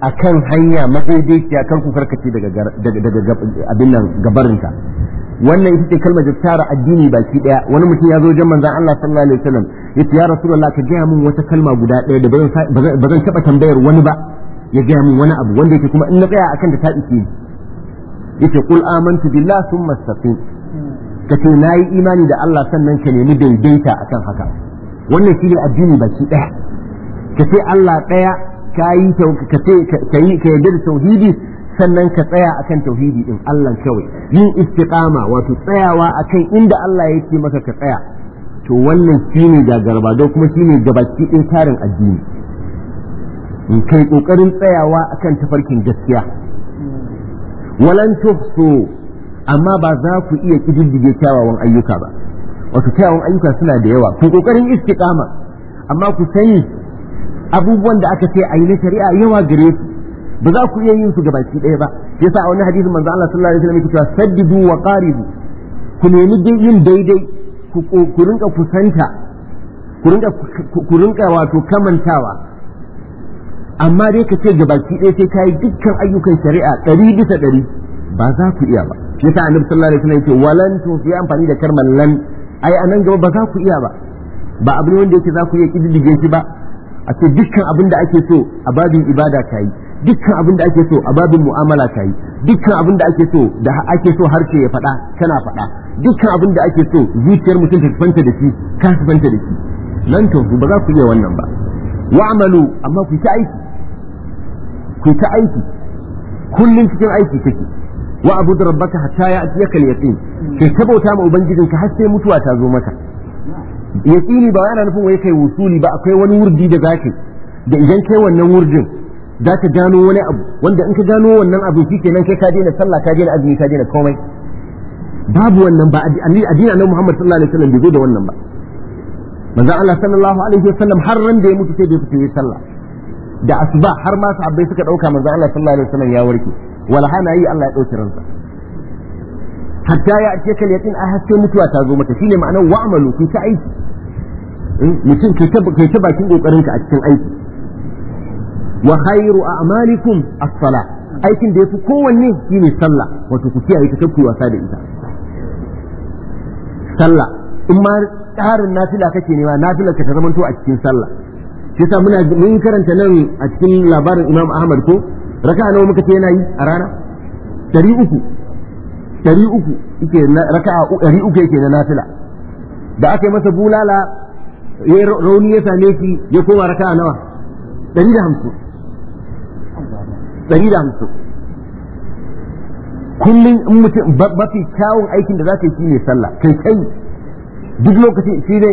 akan hanya madaidaiciya kan ku karkace daga daga abin nan gabarinta wannan ita ce kalmar da tsara addini baki daya wani mutum ya zo wajen manzon Allah sallallahu alaihi wasallam yace ya rasulullah ka gaya min wata kalma guda daya da ba zan taba tambayar wani ba ya gaya min wani abu wanda yake kuma in na tsaya akan da ta isi ni yace qul amantu billah thumma istaqim ka ce na yi imani da Allah sannan ka nemi daidaita akan haka wannan shine addini baki ɗaya ka ce Allah ɗaya ka yi ka ka yi da tauhidi sannan ka tsaya akan tauhidi din Allah kawai yin istiqama wato tsayawa akan inda Allah ya ce maka ka tsaya to wannan ga gagarba don kuma shine gabaki ɗin tarin addini in kai ƙoƙarin tsayawa akan tafarkin gaskiya walan tuhsu amma ba za ku iya kididdige kyawawan ayyuka ba wato kyawawan ayyuka suna da yawa ku kokarin istiqama amma ku sani abubuwan da aka ce ayi shari'a yawa gare su ba za ku iya yin su gabaki ɗaya ba yasa a wani hadisin manzo Allah sallallahu alaihi wasallam yake cewa saddidu wa qaribu ku nemi yin daidai ku rinka kusanta ku rinka wato kamantawa amma dai ka ce gabaki ɗaya sai ka yi dukkan ayyukan shari'a ɗari bisa ɗari ba za ku iya ba shi yasa annabi sallallahu alaihi wasallam yake walan to sai amfani da kalmar lan ai anan gaba ba za ku iya ba ba abin wanda yake za ku iya kididdige shi ba a ce dukkan abin da ake so a babin ibada ka yi dukkan abin da ake so a babin mu'amala ka yi dukkan abin da ake so da ake so harshe ya faɗa kana faɗa dukkan abin da ake so zuciyar mutum ta fanta da shi ka fanta da shi nan to ba za ku iya wannan ba wa'amalu amma ku ta aiki ku ta aiki kullun cikin aiki take wa abudu rabbaka hatta ya'tiyaka al-yaqin kai ta ma ma ka har sai mutuwa ta zo maka yaqini ba yana nufin wai kai wusuli ba akwai wani wurdi da zaka da idan kai wannan wurdin ka gano wani abu wanda in ka gano wannan abu shi kenan kai ka daina sallah ka daina azumi ka daina komai babu wannan ba addini n'a Muhammad sallallahu alaihi wasallam bai zo da wannan ba manzon Allah sallallahu alaihi wasallam har ran da ya mutu sai da ya fito sallah da asuba har ma sahabbai suka dauka manzon Allah sallallahu alaihi wasallam ya warke wala hana yi Allah ya ɗauki ransa hatta ya ake kan yakin a haske mutuwa ta zo mata shine ma'anar wa'amalu ki ta aiki hmm? mutum ke ta bakin kokarin ka a cikin aiki wa khairu a'malikum as-salah aikin da yafi kowanne shine sallah wato ku kiyaye ta kai wasa da ita sallah in ma ƙarin nafila kake nema nafilar ka ta zamanto a cikin sallah sai muna mun karanta nan a cikin labarin Imam Ahmad ko raka'a nawa muka ce yana yi a rana dari uku dari uku yake raka'a dari uku yake na nafila da aka yi masa bulala ya rauni ya same shi ya koma raka'a nawa dari da hamsin dari da hamsin kullum in mutum mafi kyawun aikin da za ka yi shine sallah kai kai duk lokacin shi ne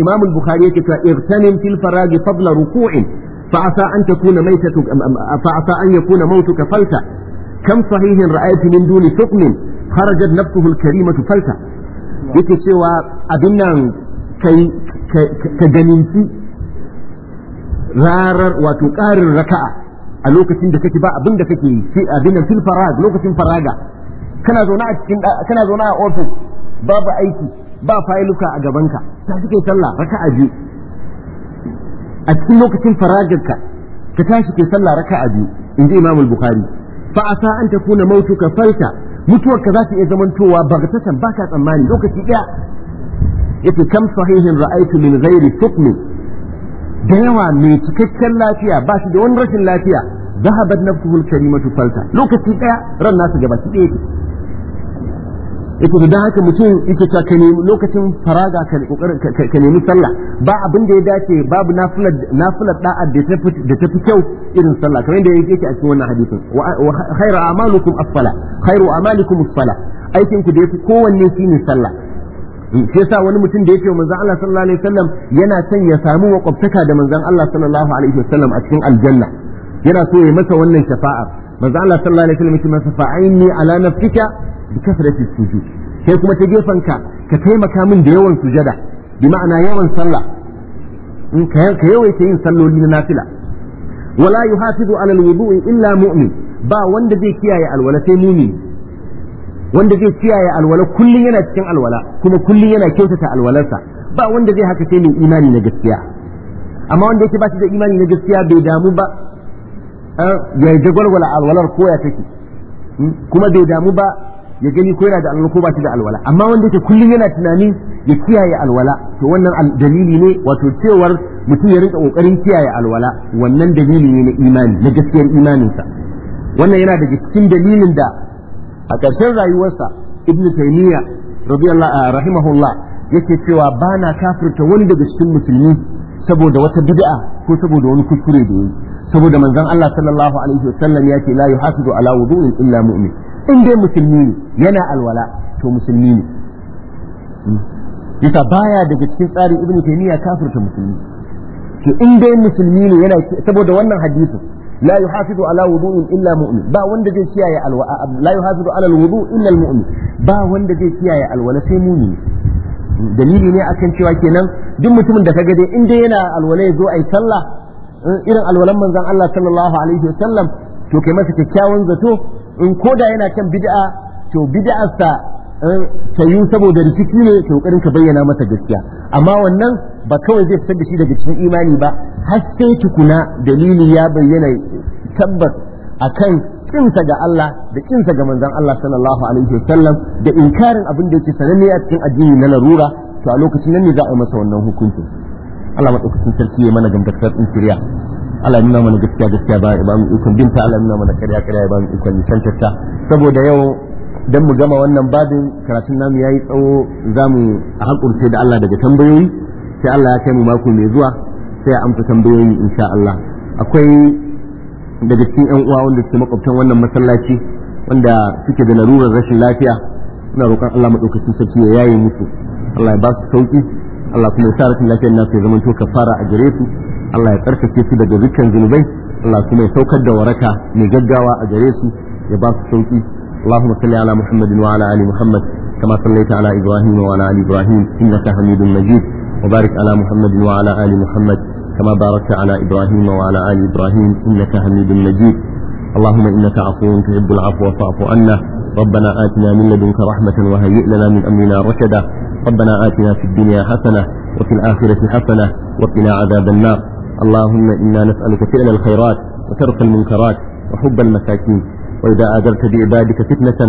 imamul bukhari yake cewa irtanim fil faragi fadla ruku'in فعسى أن تكون ميتك فعسى أن يكون موتك فلتا كم صحيح رأيت من دون سقم خرجت نفسه الكريمة فلتا yake cewa abin nan ka ganinci rarar wato ƙarin raka'a a lokacin da kake ba abin da kake abin nan fil farag lokacin faraga kana zaune a cikin kana a office babu aiki ba failuka a gabanka ta suke sallah raka'a biyu a cikin lokacin faragarka ka tashi ke sallah raka a biyu in ji imamul bukhari fa asa an takuna mautuka falta ka za ta iya zamantowa ba ka ba ka tsammani lokaci ɗaya, yake kam sahihin ra'aytu min ghairi sukmi da yawa mai cikakken lafiya ba shi da wani rashin lafiya zahabat nafsuhul karimatu falta lokaci ɗaya ran nasu gaba ki daya yake da haka mutum yake cewa ka nemi lokacin faraga ka nemi sallah ba abin da ya dace babu nafilar nafilar da'a da ta fi kyau irin sallah kamar yadda yake a cikin wannan hadisin wa khairu amalukum as-sala khairu amalikum as-sala aikin ku da yafi kowanne ne sallah shi yasa wani mutum da yake manzon Allah sallallahu alaihi wasallam yana son ya samu makwabtaka da manzon Allah sallallahu alaihi wasallam a cikin aljanna yana so ya masa wannan shafa'ar manzo Allah sallallahu alaihi wasallam yake masa fa'inni ala nafsika bi kasrati sujud kai kuma ta gefen ka ka taimaka min da yawan sujada bi ma'ana yawan sallah in ka yawaita yin salloli na nafila wala yuhafizu ala alwudu'i illa mu'min ba wanda zai kiyaye alwala sai mu'min wanda zai kiyaye alwala kullun yana cikin alwala kuma kullun yana kyautata alwalarsa ba wanda zai haka sai mai imani na gaskiya amma wanda yake ba shi da imani na gaskiya bai damu ba Eh, ya gwalgwala alwalar ko ya take hmm? kuma bai damu ba ya gani ko yana da alwala ko ba da alwala amma wanda yake kullum yana tunani ya kiyaye alwala to wannan dalili ne wato cewar mutum ya rinka kokarin kiyaye alwala wannan dalili ne na imani na gaskiyar imaninsa wannan yana daga cikin dalilin da a ƙarshen rayuwarsa ibn taymiya radiyallahu ah, rahimahullah yake cewa bana kafirta wani daga cikin musulmi saboda wata bid'a ko saboda wani kuskure da yake saboda manzon Allah sallallahu alaihi wasallam ya ce la yuhafizu ala wudu'in illa mu'min in dai musulmi ne yana alwala to musulmi ne yasa baya daga cikin tsarin ibn taymiya kafirta musulmi to in dai musulmi ne yana saboda wannan hadisin la yuhafizu ala wudu'in illa mu'min ba wanda zai kiyaye alwala la yuhafizu ala alwudu' illa mu'min ba wanda zai kiyaye alwala sai mu'min dalili ne akan cewa kenan duk mutumin da kaga dai in dai yana alwala ya zo ai sallah irin alwalan manzan Allah sallallahu alaihi wasallam to kai masa kyakkyawan zato in koda yana kan bid'a to bid'arsa eh, ta yi saboda rikici ne to kokarin ka bayyana masa gaskiya amma wannan ba kawai zai fitar da shi daga cikin imani ba har sai tukuna dalili ya bayyana tabbas akan kinsa ga Allah da kinsa ga manzan Allah sallallahu alaihi wasallam da inkarin abin da yake sananne a cikin addini na larura to a lokacin nan ne za a yi masa wannan hukuncin Allah madaukakin sarki ya mana gamdakatar din shirya Allah nuna mana gaskiya gaskiya ba ya ba mu ikon binta Allah nuna mana karya karya ya ba mu ikon nisantarta saboda yau dan mu gama wannan babin karatun namu yayi tsawo zamu hakurce da Allah daga tambayoyi sai Allah ya kai mu mako mai zuwa sai ya amsa tambayoyi insha Allah akwai daga cikin yan uwa wanda suke makwabtan wannan masallaci wanda suke da larurar rashin lafiya ina roƙon Allah madaukakin sarki ya yaye musu Allah ya ba su sauki Allah kuma ya sa rashin lafiyar nasu ya zamanto kafara a gare su Allah ya tsarkake su daga dukkan zunubai Allah kuma ya saukar da waraka mai gaggawa a gare su ya ba su sauki اللهم صل على محمد وعلى ال محمد كما صليت على ابراهيم وعلى ال ابراهيم انك حميد مجيد وبارك على محمد وعلى ال محمد كما باركت على ابراهيم وعلى ال ابراهيم انك حميد مجيد اللهم انك عفو تحب العفو فاعف عنا ربنا اتنا من لدنك رحمه وهيئ لنا من امرنا رشدا ربنا آتنا في الدنيا حسنة وفي الآخرة حسنة وقنا عذاب النار اللهم إنا نسألك فعل الخيرات وترك المنكرات وحب المساكين وإذا آجرت بعبادك فتنة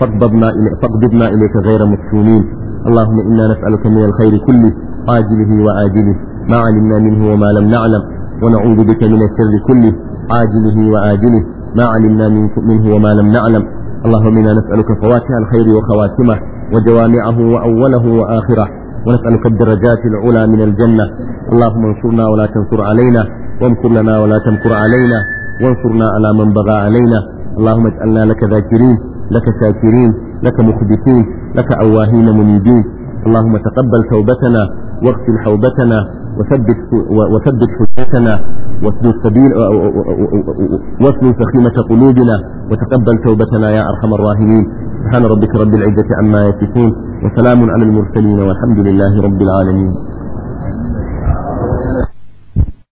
فاقبضنا فاقبضنا إليك غير مفتونين اللهم إنا نسألك من الخير كله عاجله وآجله ما علمنا منه وما لم نعلم ونعوذ بك من الشر كله عاجله وآجله ما علمنا منه وما لم نعلم اللهم إنا نسألك فواتح الخير وخواتمه وجوامعه وأوله وآخره ونسألك الدرجات العلى من الجنة اللهم انصرنا ولا تنصر علينا وامكر لنا ولا تمكر علينا وانصرنا على من بغى علينا اللهم اجعلنا لك ذاكرين لك ساكرين لك مخبتين لك أواهين منيبين اللهم تقبل توبتنا واغسل حوبتنا وثبت, وثبت حجتنا واسلوا السبيل واسلوا سخيمة قلوبنا وتقبل توبتنا يا أرحم الراحمين سبحان ربك رب العزة عما يصفون وسلام على المرسلين والحمد لله رب العالمين